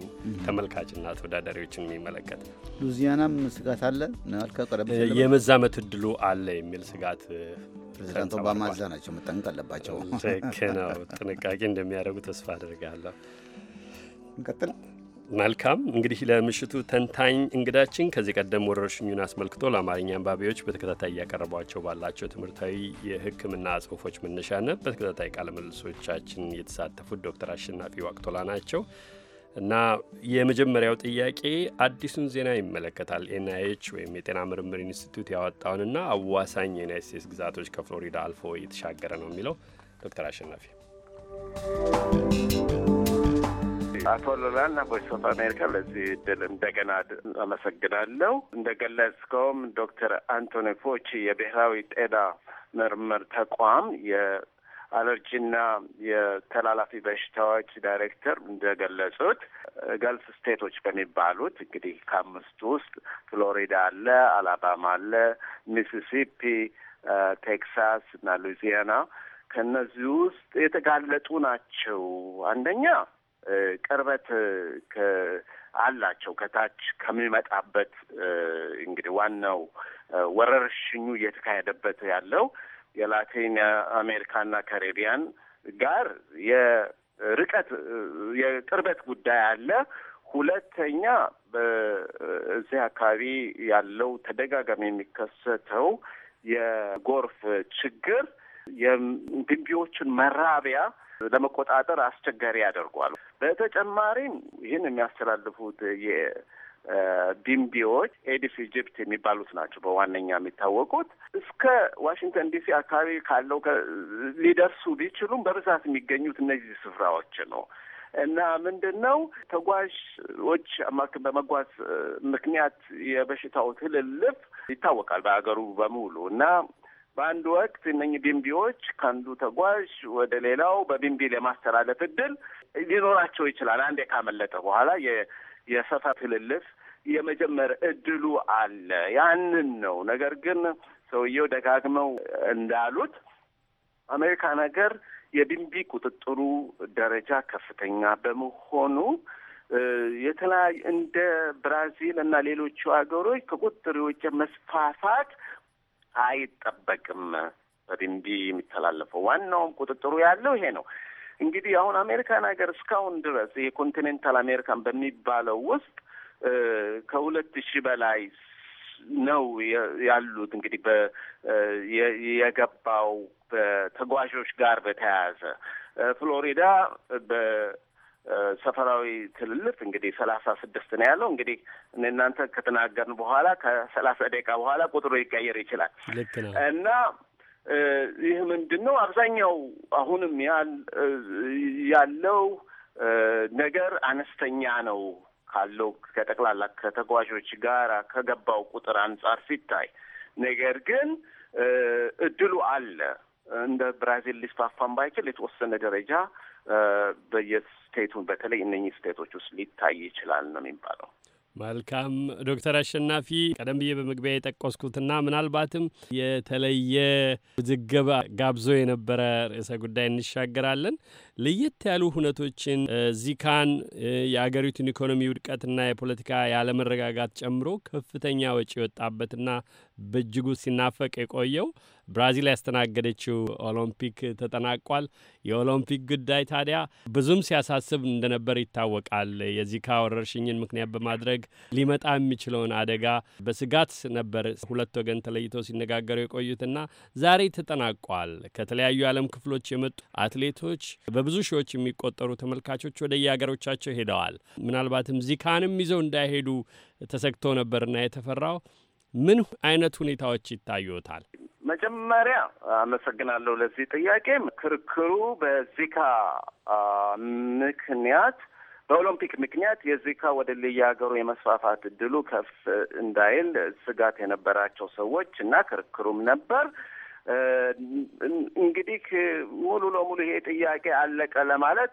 ተመልካችና ተወዳዳሪዎችን የሚመለከት ሉዚያናም ስጋት አለ የመዛመት እድሉ አለ የሚል ስጋት ፕሬዚዳንት ኦባማ እዛ ናቸው፣ መጠንቀቅ አለባቸው። ልክ ነው። ጥንቃቄ እንደሚያደርጉ ተስፋ አድርጋለሁ። እንቀጥል። መልካም እንግዲህ ለምሽቱ ተንታኝ እንግዳችን ከዚህ ቀደም ወረርሽኙን አስመልክቶ ለአማርኛ አንባቢዎች በተከታታይ እያቀረቧቸው ባላቸው ትምህርታዊ የሕክምና ጽሁፎች መነሻነት በተከታታይ ቃለ ምልልሶቻችን የተሳተፉት ዶክተር አሸናፊ ዋቅቶላ ናቸው እና የመጀመሪያው ጥያቄ አዲሱን ዜና ይመለከታል። ኤንአይኤች ወይም የጤና ምርምር ኢንስቲትዩት ያወጣውንና አዋሳኝ የዩናይት ስቴትስ ግዛቶች ከፍሎሪዳ አልፎ የተሻገረ ነው የሚለው ዶክተር አሸናፊ አቶ ሎላና ቮይስ ኦፍ አሜሪካ ለዚህ ድል እንደገና አመሰግናለሁ። ገለጽከውም ዶክተር አንቶኒ ፎቺ የብሔራዊ ጤና ምርምር ተቋም የአለርጂና የተላላፊ በሽታዎች ዳይሬክተር እንደገለጹት ገልፍ ስቴቶች በሚባሉት እንግዲህ ከአምስቱ ውስጥ ፍሎሪዳ አለ፣ አላባማ አለ፣ ሚሲሲፒ፣ ቴክሳስ እና ሉዚያና ከእነዚህ ውስጥ የተጋለጡ ናቸው። አንደኛ ቅርበት አላቸው። ከታች ከሚመጣበት እንግዲህ ዋናው ወረርሽኙ እየተካሄደበት ያለው የላቲን አሜሪካና ካሪቢያን ጋር የርቀት የቅርበት ጉዳይ አለ። ሁለተኛ በዚህ አካባቢ ያለው ተደጋጋሚ የሚከሰተው የጎርፍ ችግር የግቢዎችን መራቢያ ለመቆጣጠር አስቸጋሪ ያደርጓል። በተጨማሪም ይህን የሚያስተላልፉት ቢምቢዎች ኤዲስ ኢጅፕት የሚባሉት ናቸው በዋነኛ የሚታወቁት። እስከ ዋሽንግተን ዲሲ አካባቢ ካለው ሊደርሱ ቢችሉም በብዛት የሚገኙት እነዚህ ስፍራዎች ነው እና ምንድን ነው ተጓዦች በመጓዝ ምክንያት የበሽታው ትልልፍ ይታወቃል በሀገሩ በሙሉ እና በአንድ ወቅት እነኝህ ቢምቢዎች ከአንዱ ተጓዥ ወደ ሌላው በቢምቢ ለማስተላለፍ እድል ሊኖራቸው ይችላል። አንዴ ካመለጠ በኋላ የሰፈር ትልልፍ የመጀመር እድሉ አለ። ያንን ነው። ነገር ግን ሰውየው ደጋግመው እንዳሉት አሜሪካ ነገር የቢምቢ ቁጥጥሩ ደረጃ ከፍተኛ በመሆኑ የተለያዩ እንደ ብራዚል እና ሌሎቹ ሀገሮች ከቁጥጥር የውጭ መስፋፋት አይጠበቅም በድንቢ የሚተላለፈው። ዋናውም ቁጥጥሩ ያለው ይሄ ነው። እንግዲህ አሁን አሜሪካን ሀገር እስካሁን ድረስ የኮንቲኔንታል ኮንቲኔንታል አሜሪካን በሚባለው ውስጥ ከሁለት ሺህ በላይ ነው ያሉት። እንግዲህ የገባው በተጓዦች ጋር በተያያዘ ፍሎሪዳ ሰፈራዊ ትልልፍ እንግዲህ ሰላሳ ስድስት ነው ያለው። እንግዲህ እናንተ ከተናገርን በኋላ ከሰላሳ ደቂቃ በኋላ ቁጥሩ ሊቀየር ይችላል። ልክ ነው እና ይህ ምንድን ነው አብዛኛው አሁንም ያለው ነገር አነስተኛ ነው ካለው ከጠቅላላ ከተጓዦች ጋር ከገባው ቁጥር አንጻር ሲታይ፣ ነገር ግን እድሉ አለ እንደ ብራዚል ሊስፋፋም ባይችል የተወሰነ ደረጃ በየስቴቱን በተለይ እነኚህ ስቴቶች ውስጥ ሊታይ ይችላል ነው የሚባለው። መልካም ዶክተር አሸናፊ ቀደም ብዬ በመግቢያ የጠቆስኩትና ምናልባትም የተለየ ውዝገባ ጋብዞ የነበረ ርዕሰ ጉዳይ እንሻገራለን። ለየት ያሉ ሁነቶችን ዚካን፣ የአገሪቱን ኢኮኖሚ ውድቀትና የፖለቲካ ያለመረጋጋት ጨምሮ ከፍተኛ ወጪ የወጣበትና በእጅጉ ሲናፈቅ የቆየው ብራዚል ያስተናገደችው ኦሎምፒክ ተጠናቋል። የኦሎምፒክ ጉዳይ ታዲያ ብዙም ሲያሳስብ እንደነበር ይታወቃል። የዚካ ወረርሽኝን ምክንያት በማድረግ ሊመጣ የሚችለውን አደጋ በስጋት ነበር ሁለት ወገን ተለይተው ሲነጋገሩ የቆዩትና ዛሬ ተጠናቋል። ከተለያዩ የዓለም ክፍሎች የመጡ አትሌቶች፣ በብዙ ሺዎች የሚቆጠሩ ተመልካቾች ወደ የአገሮቻቸው ሄደዋል። ምናልባትም ዚካንም ይዘው እንዳይሄዱ ተሰግቶ ነበርና የተፈራው ምን አይነት ሁኔታዎች ይታዩታል? መጀመሪያ አመሰግናለሁ ለዚህ ጥያቄ። ክርክሩ በዚካ ምክንያት በኦሎምፒክ ምክንያት የዚካ ወደ ሀገሩ የመስፋፋት እድሉ ከፍ እንዳይል ስጋት የነበራቸው ሰዎች እና ክርክሩም ነበር። እንግዲህ ሙሉ ለሙሉ ይሄ ጥያቄ አለቀ ለማለት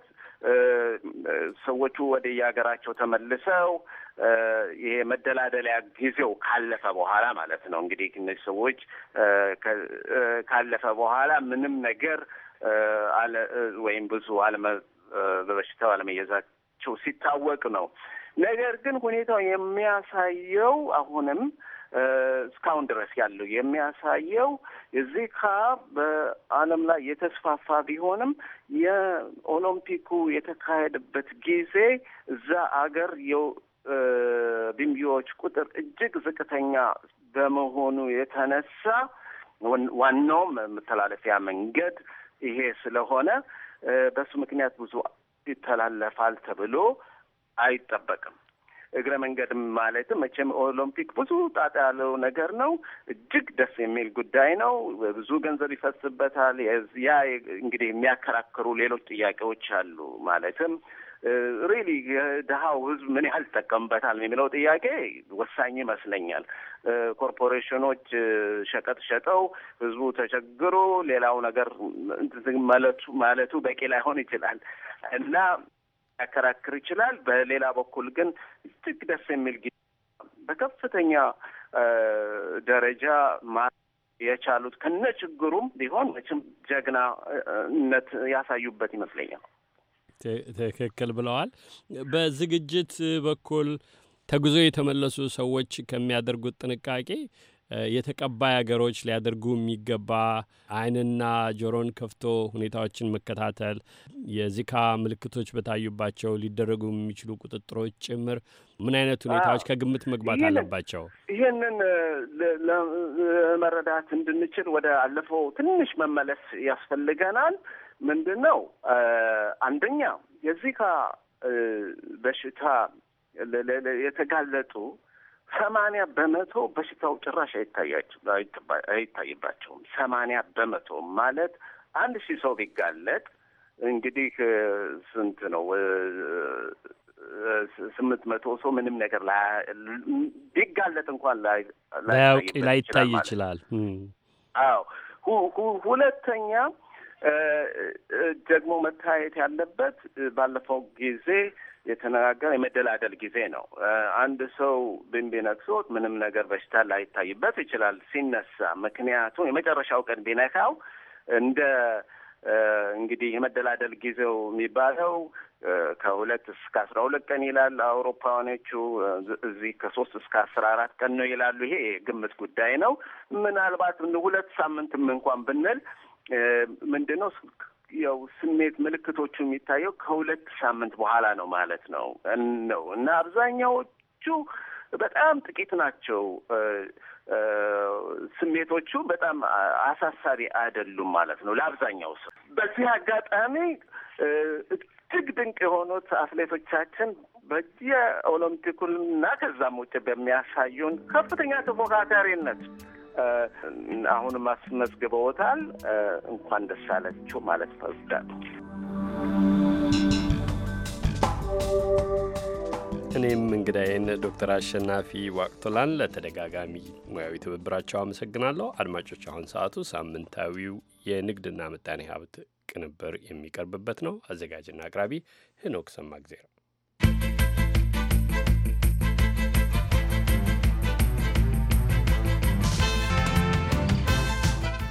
ሰዎቹ ወደ የሀገራቸው ተመልሰው ይሄ መደላደሊያ ጊዜው ካለፈ በኋላ ማለት ነው። እንግዲህ እነዚህ ሰዎች ካለፈ በኋላ ምንም ነገር አለ ወይም ብዙ አለመ በበሽታው አለመየዛቸው ሲታወቅ ነው። ነገር ግን ሁኔታው የሚያሳየው አሁንም እስካሁን ድረስ ያለው የሚያሳየው የዚካ በዓለም ላይ የተስፋፋ ቢሆንም የኦሎምፒኩ የተካሄደበት ጊዜ እዛ አገር የቢምቢዎች ቁጥር እጅግ ዝቅተኛ በመሆኑ የተነሳ ዋናው መተላለፊያ መንገድ ይሄ ስለሆነ በሱ ምክንያት ብዙ ይተላለፋል ተብሎ አይጠበቅም። እግረ መንገድ ማለትም መቼም ኦሎምፒክ ብዙ ጣጣ ያለው ነገር ነው። እጅግ ደስ የሚል ጉዳይ ነው። ብዙ ገንዘብ ይፈስበታል። ያ እንግዲህ የሚያከራክሩ ሌሎች ጥያቄዎች አሉ። ማለትም ሪሊ የድሀው ህዝብ ምን ያህል ይጠቀምበታል የሚለው ጥያቄ ወሳኝ ይመስለኛል። ኮርፖሬሽኖች ሸቀጥ ሸጠው ህዝቡ ተቸግሮ ሌላው ነገር ማለቱ ማለቱ በቂ ላይሆን ይችላል እና ሊያከራክር ይችላል። በሌላ በኩል ግን እጅግ ደስ የሚል በከፍተኛ ደረጃ ማ የቻሉት ከነ ችግሩም ቢሆን መቼም ጀግናነት ያሳዩበት ይመስለኛል። ትክክል ብለዋል። በዝግጅት በኩል ተጉዞ የተመለሱ ሰዎች ከሚያደርጉት ጥንቃቄ የተቀባይ አገሮች ሊያደርጉ የሚገባ አይንና ጆሮን ከፍቶ ሁኔታዎችን መከታተል፣ የዚካ ምልክቶች በታዩባቸው ሊደረጉ የሚችሉ ቁጥጥሮች ጭምር ምን አይነት ሁኔታዎች ከግምት መግባት አለባቸው? ይህንን ለመረዳት እንድንችል ወደ አለፈው ትንሽ መመለስ ያስፈልገናል። ምንድን ነው አንደኛ የዚካ በሽታ የተጋለጡ ሰማንያ በመቶ በሽታው ጭራሽ አይታይባቸውም። ሰማንያ በመቶ ማለት አንድ ሺህ ሰው ቢጋለጥ እንግዲህ ስንት ነው? ስምንት መቶ ሰው ምንም ነገር ቢጋለጥ እንኳን ላይታይ ይችላል። አዎ። ሁለተኛ ደግሞ መታየት ያለበት ባለፈው ጊዜ የተነጋገረ የመደላደል ጊዜ ነው። አንድ ሰው ብንቢ ነክሶት ምንም ነገር በሽታ ላይታይበት ይችላል ሲነሳ። ምክንያቱም የመጨረሻው ቀን ቢነካው እንደ እንግዲህ የመደላደል ጊዜው የሚባለው ከሁለት እስከ አስራ ሁለት ቀን ይላል አውሮፓውያኖቹ፣ እዚህ ከሶስት እስከ አስራ አራት ቀን ነው ይላሉ። ይሄ የግምት ጉዳይ ነው። ምናልባት ሁለት ሳምንትም እንኳን ብንል ምንድን ነው ያው ስሜት ምልክቶቹ የሚታየው ከሁለት ሳምንት በኋላ ነው ማለት ነው ነው እና አብዛኛዎቹ በጣም ጥቂት ናቸው። ስሜቶቹ በጣም አሳሳቢ አይደሉም ማለት ነው ለአብዛኛው ሰው። በዚህ አጋጣሚ እጅግ ድንቅ የሆኑት አትሌቶቻችን በየኦሎምፒኩና ኦሎምፒኩና ከዛም ውጭ በሚያሳዩን ከፍተኛ ተፎካካሪነት አሁንም አስመዝግበውታል። እንኳን ደስ አላችሁ ማለት እወዳለሁ። እኔም እንግዳዬን ዶክተር አሸናፊ ዋቅቶላን ለተደጋጋሚ ሙያዊ ትብብራቸው አመሰግናለሁ። አድማጮች፣ አሁን ሰዓቱ ሳምንታዊው የንግድና ምጣኔ ሀብት ቅንብር የሚቀርብበት ነው። አዘጋጅና አቅራቢ ሄኖክ ሰማግዜር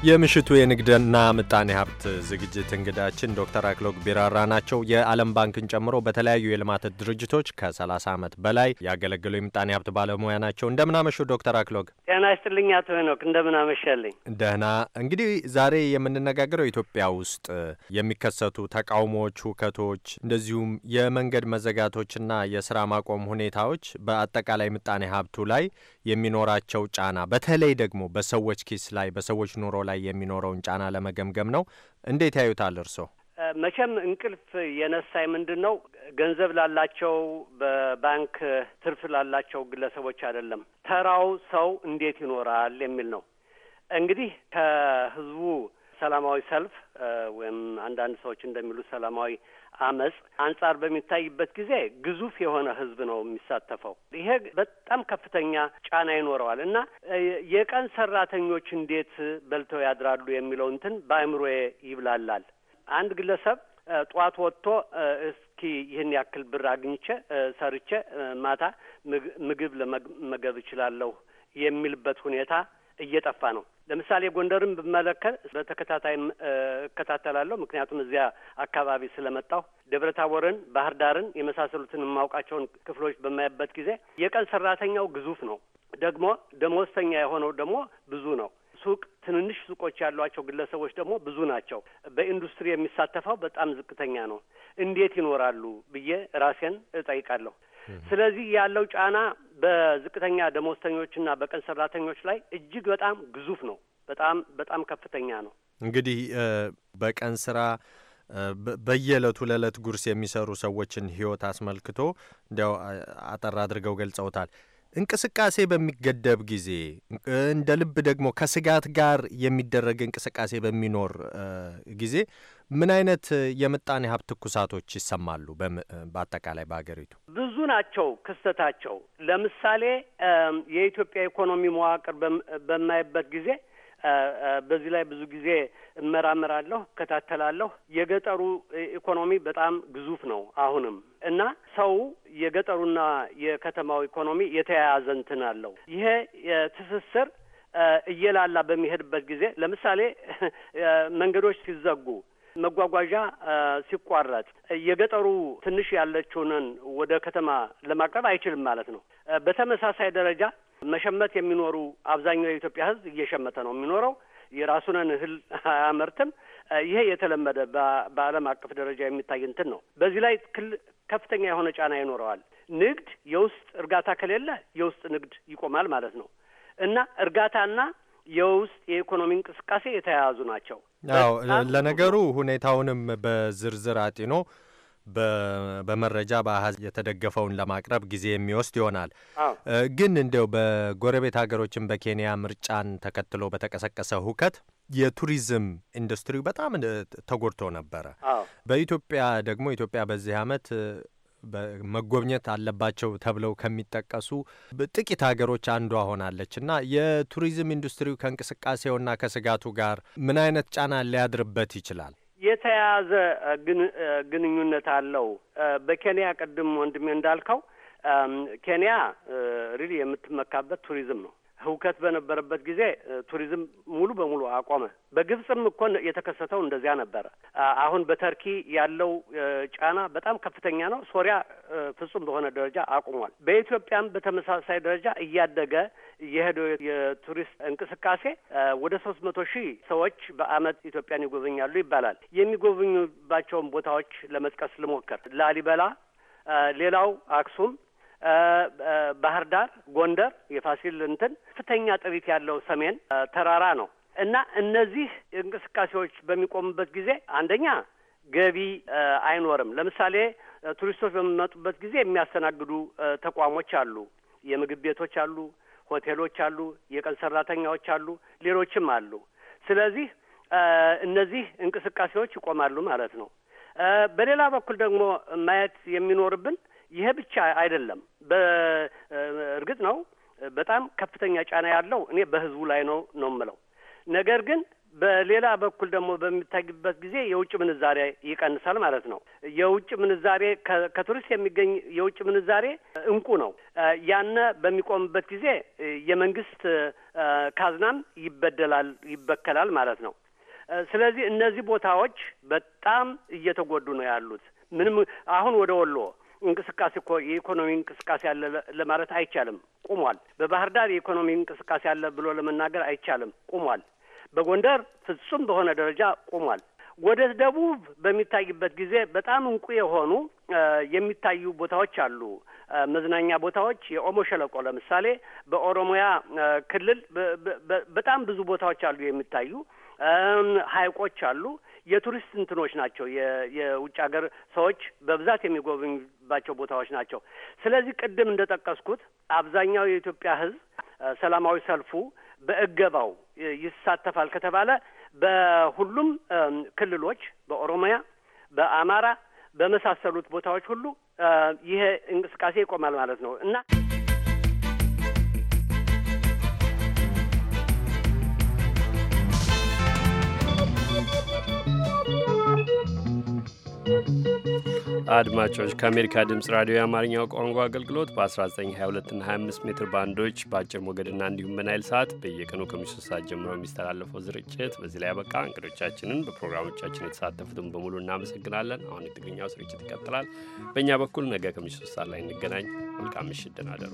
የምሽቱ የንግድና ምጣኔ ሀብት ዝግጅት እንግዳችን ዶክተር አክሎግ ቢራራ ናቸው። የዓለም ባንክን ጨምሮ በተለያዩ የልማት ድርጅቶች ከ30 ዓመት በላይ ያገለገሉ የምጣኔ ሀብት ባለሙያ ናቸው። እንደምናመሹ ዶክተር አክሎግ። ጤና ይስጥልኝ አቶ ሄኖክ፣ እንደምናመሻልኝ። ደህና። እንግዲህ ዛሬ የምንነጋገረው ኢትዮጵያ ውስጥ የሚከሰቱ ተቃውሞዎች፣ ሁከቶች፣ እንደዚሁም የመንገድ መዘጋቶችና የስራ ማቆም ሁኔታዎች በአጠቃላይ ምጣኔ ሀብቱ ላይ የሚኖራቸው ጫና በተለይ ደግሞ በሰዎች ኪስ ላይ በሰዎች ኑሮ ላይ የሚኖረውን ጫና ለመገምገም ነው። እንዴት ያዩታል እርስዎ? መቼም እንቅልፍ የነሳይ ምንድን ነው ገንዘብ ላላቸው በባንክ ትርፍ ላላቸው ግለሰቦች አይደለም፣ ተራው ሰው እንዴት ይኖራል የሚል ነው። እንግዲህ ከህዝቡ ሰላማዊ ሰልፍ ወይም አንዳንድ ሰዎች እንደሚሉት ሰላማዊ አመጽ አንጻር በሚታይበት ጊዜ ግዙፍ የሆነ ህዝብ ነው የሚሳተፈው። ይሄ በጣም ከፍተኛ ጫና ይኖረዋል እና የቀን ሰራተኞች እንዴት በልተው ያድራሉ የሚለው እንትን በአእምሮዬ ይብላላል። አንድ ግለሰብ ጠዋት ወጥቶ እስኪ ይህን ያክል ብር አግኝቼ ሰርቼ ማታ ምግብ ለመመገብ እችላለሁ የሚልበት ሁኔታ እየጠፋ ነው። ለምሳሌ ጎንደርን ብመለከት በተከታታይ እከታተላለሁ፣ ምክንያቱም እዚያ አካባቢ ስለመጣሁ ደብረ ታቦርን፣ ባህር ዳርን የመሳሰሉትን የማውቃቸውን ክፍሎች በማይበት ጊዜ የቀን ሰራተኛው ግዙፍ ነው። ደግሞ ደሞዝተኛ የሆነው ደግሞ ብዙ ነው። ሱቅ ትንንሽ ሱቆች ያሏቸው ግለሰቦች ደግሞ ብዙ ናቸው። በኢንዱስትሪ የሚሳተፈው በጣም ዝቅተኛ ነው። እንዴት ይኖራሉ ብዬ ራሴን እጠይቃለሁ። ስለዚህ ያለው ጫና በዝቅተኛ ደሞዝተኞችና በቀን ሰራተኞች ላይ እጅግ በጣም ግዙፍ ነው። በጣም በጣም ከፍተኛ ነው። እንግዲህ በቀን ስራ በየዕለቱ ለዕለት ጉርስ የሚሰሩ ሰዎችን ህይወት አስመልክቶ እንዲያው አጠር አድርገው ገልጸውታል። እንቅስቃሴ በሚገደብ ጊዜ እንደ ልብ ደግሞ ከስጋት ጋር የሚደረግ እንቅስቃሴ በሚኖር ጊዜ ምን አይነት የምጣኔ ሀብት ትኩሳቶች ይሰማሉ? በአጠቃላይ በሀገሪቱ ብዙ ናቸው ክስተታቸው። ለምሳሌ የኢትዮጵያ ኢኮኖሚ መዋቅር በማይበት ጊዜ በዚህ ላይ ብዙ ጊዜ እመራመራለሁ፣ እከታተላለሁ። የገጠሩ ኢኮኖሚ በጣም ግዙፍ ነው አሁንም እና ሰው የገጠሩና የከተማው ኢኮኖሚ የተያያዘ እንትን አለው። ይሄ ትስስር እየላላ በሚሄድበት ጊዜ ለምሳሌ መንገዶች ሲዘጉ መጓጓዣ ሲቋረጥ የገጠሩ ትንሽ ያለችውን ወደ ከተማ ለማቅረብ አይችልም ማለት ነው። በተመሳሳይ ደረጃ መሸመት የሚኖሩ አብዛኛው የኢትዮጵያ ሕዝብ እየሸመተ ነው የሚኖረው። የራሱንን እህል አያመርትም። ይሄ የተለመደ በዓለም አቀፍ ደረጃ የሚታይ እንትን ነው። በዚህ ላይ ክል ከፍተኛ የሆነ ጫና ይኖረዋል። ንግድ የውስጥ እርጋታ ከሌለ የውስጥ ንግድ ይቆማል ማለት ነው እና እርጋታና የውስጥ የኢኮኖሚ እንቅስቃሴ የተያያዙ ናቸው። አዎ ለነገሩ ሁኔታውንም በዝርዝር አጢኖ በመረጃ በአሀዝ የተደገፈውን ለማቅረብ ጊዜ የሚወስድ ይሆናል። ግን እንደው በጎረቤት ሀገሮችን በኬንያ ምርጫን ተከትሎ በተቀሰቀሰ ሁከት የቱሪዝም ኢንዱስትሪው በጣም ተጎድቶ ነበረ። በኢትዮጵያ ደግሞ ኢትዮጵያ በዚህ ዓመት መጎብኘት አለባቸው ተብለው ከሚጠቀሱ ጥቂት ሀገሮች አንዷ ሆናለች እና የቱሪዝም ኢንዱስትሪው ከእንቅስቃሴውና ከስጋቱ ጋር ምን አይነት ጫና ሊያድርበት ይችላል? የተያያዘ ግንኙነት አለው። በኬንያ ቅድም ወንድሜ እንዳልከው ኬንያ ሪሊ የምትመካበት ቱሪዝም ነው። ህውከት በነበረበት ጊዜ ቱሪዝም ሙሉ በሙሉ አቆመ። በግብፅም እኮ የተከሰተው እንደዚያ ነበረ። አሁን በተርኪ ያለው ጫና በጣም ከፍተኛ ነው። ሶሪያ ፍጹም በሆነ ደረጃ አቁሟል። በኢትዮጵያም በተመሳሳይ ደረጃ እያደገ የሄደው የቱሪስት እንቅስቃሴ ወደ ሶስት መቶ ሺህ ሰዎች በአመት ኢትዮጵያን ይጎበኛሉ ይባላል። የሚጎበኙባቸውን ቦታዎች ለመጥቀስ ልሞክር። ላሊበላ፣ ሌላው አክሱም ባህር ዳር፣ ጎንደር፣ የፋሲል እንትን ከፍተኛ ጥሪት ያለው ሰሜን ተራራ ነው እና እነዚህ እንቅስቃሴዎች በሚቆሙበት ጊዜ አንደኛ ገቢ አይኖርም። ለምሳሌ ቱሪስቶች በሚመጡበት ጊዜ የሚያስተናግዱ ተቋሞች አሉ፣ የምግብ ቤቶች አሉ፣ ሆቴሎች አሉ፣ የቀን ሰራተኛዎች አሉ፣ ሌሎችም አሉ። ስለዚህ እነዚህ እንቅስቃሴዎች ይቆማሉ ማለት ነው። በሌላ በኩል ደግሞ ማየት የሚኖርብን ይሄ ብቻ አይደለም። በእርግጥ ነው በጣም ከፍተኛ ጫና ያለው እኔ በህዝቡ ላይ ነው ነው የምለው። ነገር ግን በሌላ በኩል ደግሞ በሚታይበት ጊዜ የውጭ ምንዛሬ ይቀንሳል ማለት ነው። የውጭ ምንዛሬ ከቱሪስት የሚገኝ የውጭ ምንዛሬ እንቁ ነው። ያነ በሚቆምበት ጊዜ የመንግስት ካዝናም ይበደላል፣ ይበከላል ማለት ነው። ስለዚህ እነዚህ ቦታዎች በጣም እየተጎዱ ነው ያሉት። ምንም አሁን ወደ ወሎ እንቅስቃሴ እኮ የኢኮኖሚ እንቅስቃሴ አለ ለማለት አይቻልም፣ ቁሟል። በባህር ዳር የኢኮኖሚ እንቅስቃሴ አለ ብሎ ለመናገር አይቻልም፣ ቁሟል። በጎንደር ፍጹም በሆነ ደረጃ ቁሟል። ወደ ደቡብ በሚታይበት ጊዜ በጣም እንቁ የሆኑ የሚታዩ ቦታዎች አሉ። መዝናኛ ቦታዎች፣ የኦሞ ሸለቆ ለምሳሌ በኦሮሚያ ክልል በጣም ብዙ ቦታዎች አሉ የሚታዩ ሀይቆች አሉ። የቱሪስት እንትኖች ናቸው። የውጭ ሀገር ሰዎች በብዛት የሚጎበኙ ባቸው ቦታዎች ናቸው። ስለዚህ ቅድም እንደ ጠቀስኩት አብዛኛው የኢትዮጵያ ሕዝብ ሰላማዊ ሰልፉ በእገባው ይሳተፋል ከተባለ በሁሉም ክልሎች በኦሮሚያ፣ በአማራ በመሳሰሉት ቦታዎች ሁሉ ይሄ እንቅስቃሴ ይቆማል ማለት ነው እና አድማጮች ከአሜሪካ ድምፅ ራዲዮ የአማርኛው ቋንቋ አገልግሎት በ1922 እና 25 ሜትር ባንዶች በአጭር ሞገድና እንዲሁም በናይል ሰዓት በየቀኑ ከምሽቱ ሰዓት ጀምሮ የሚስተላለፈው ስርጭት በዚህ ላይ ያበቃ። እንግዶቻችንን በፕሮግራሞቻችን የተሳተፉትን በሙሉ እናመሰግናለን። አሁን የትግርኛው ስርጭት ይቀጥላል። በእኛ በኩል ነገ ከምሽቱ ሰዓት ላይ እንገናኝ። መልካም ምሽት፣ ደህና እደሩ።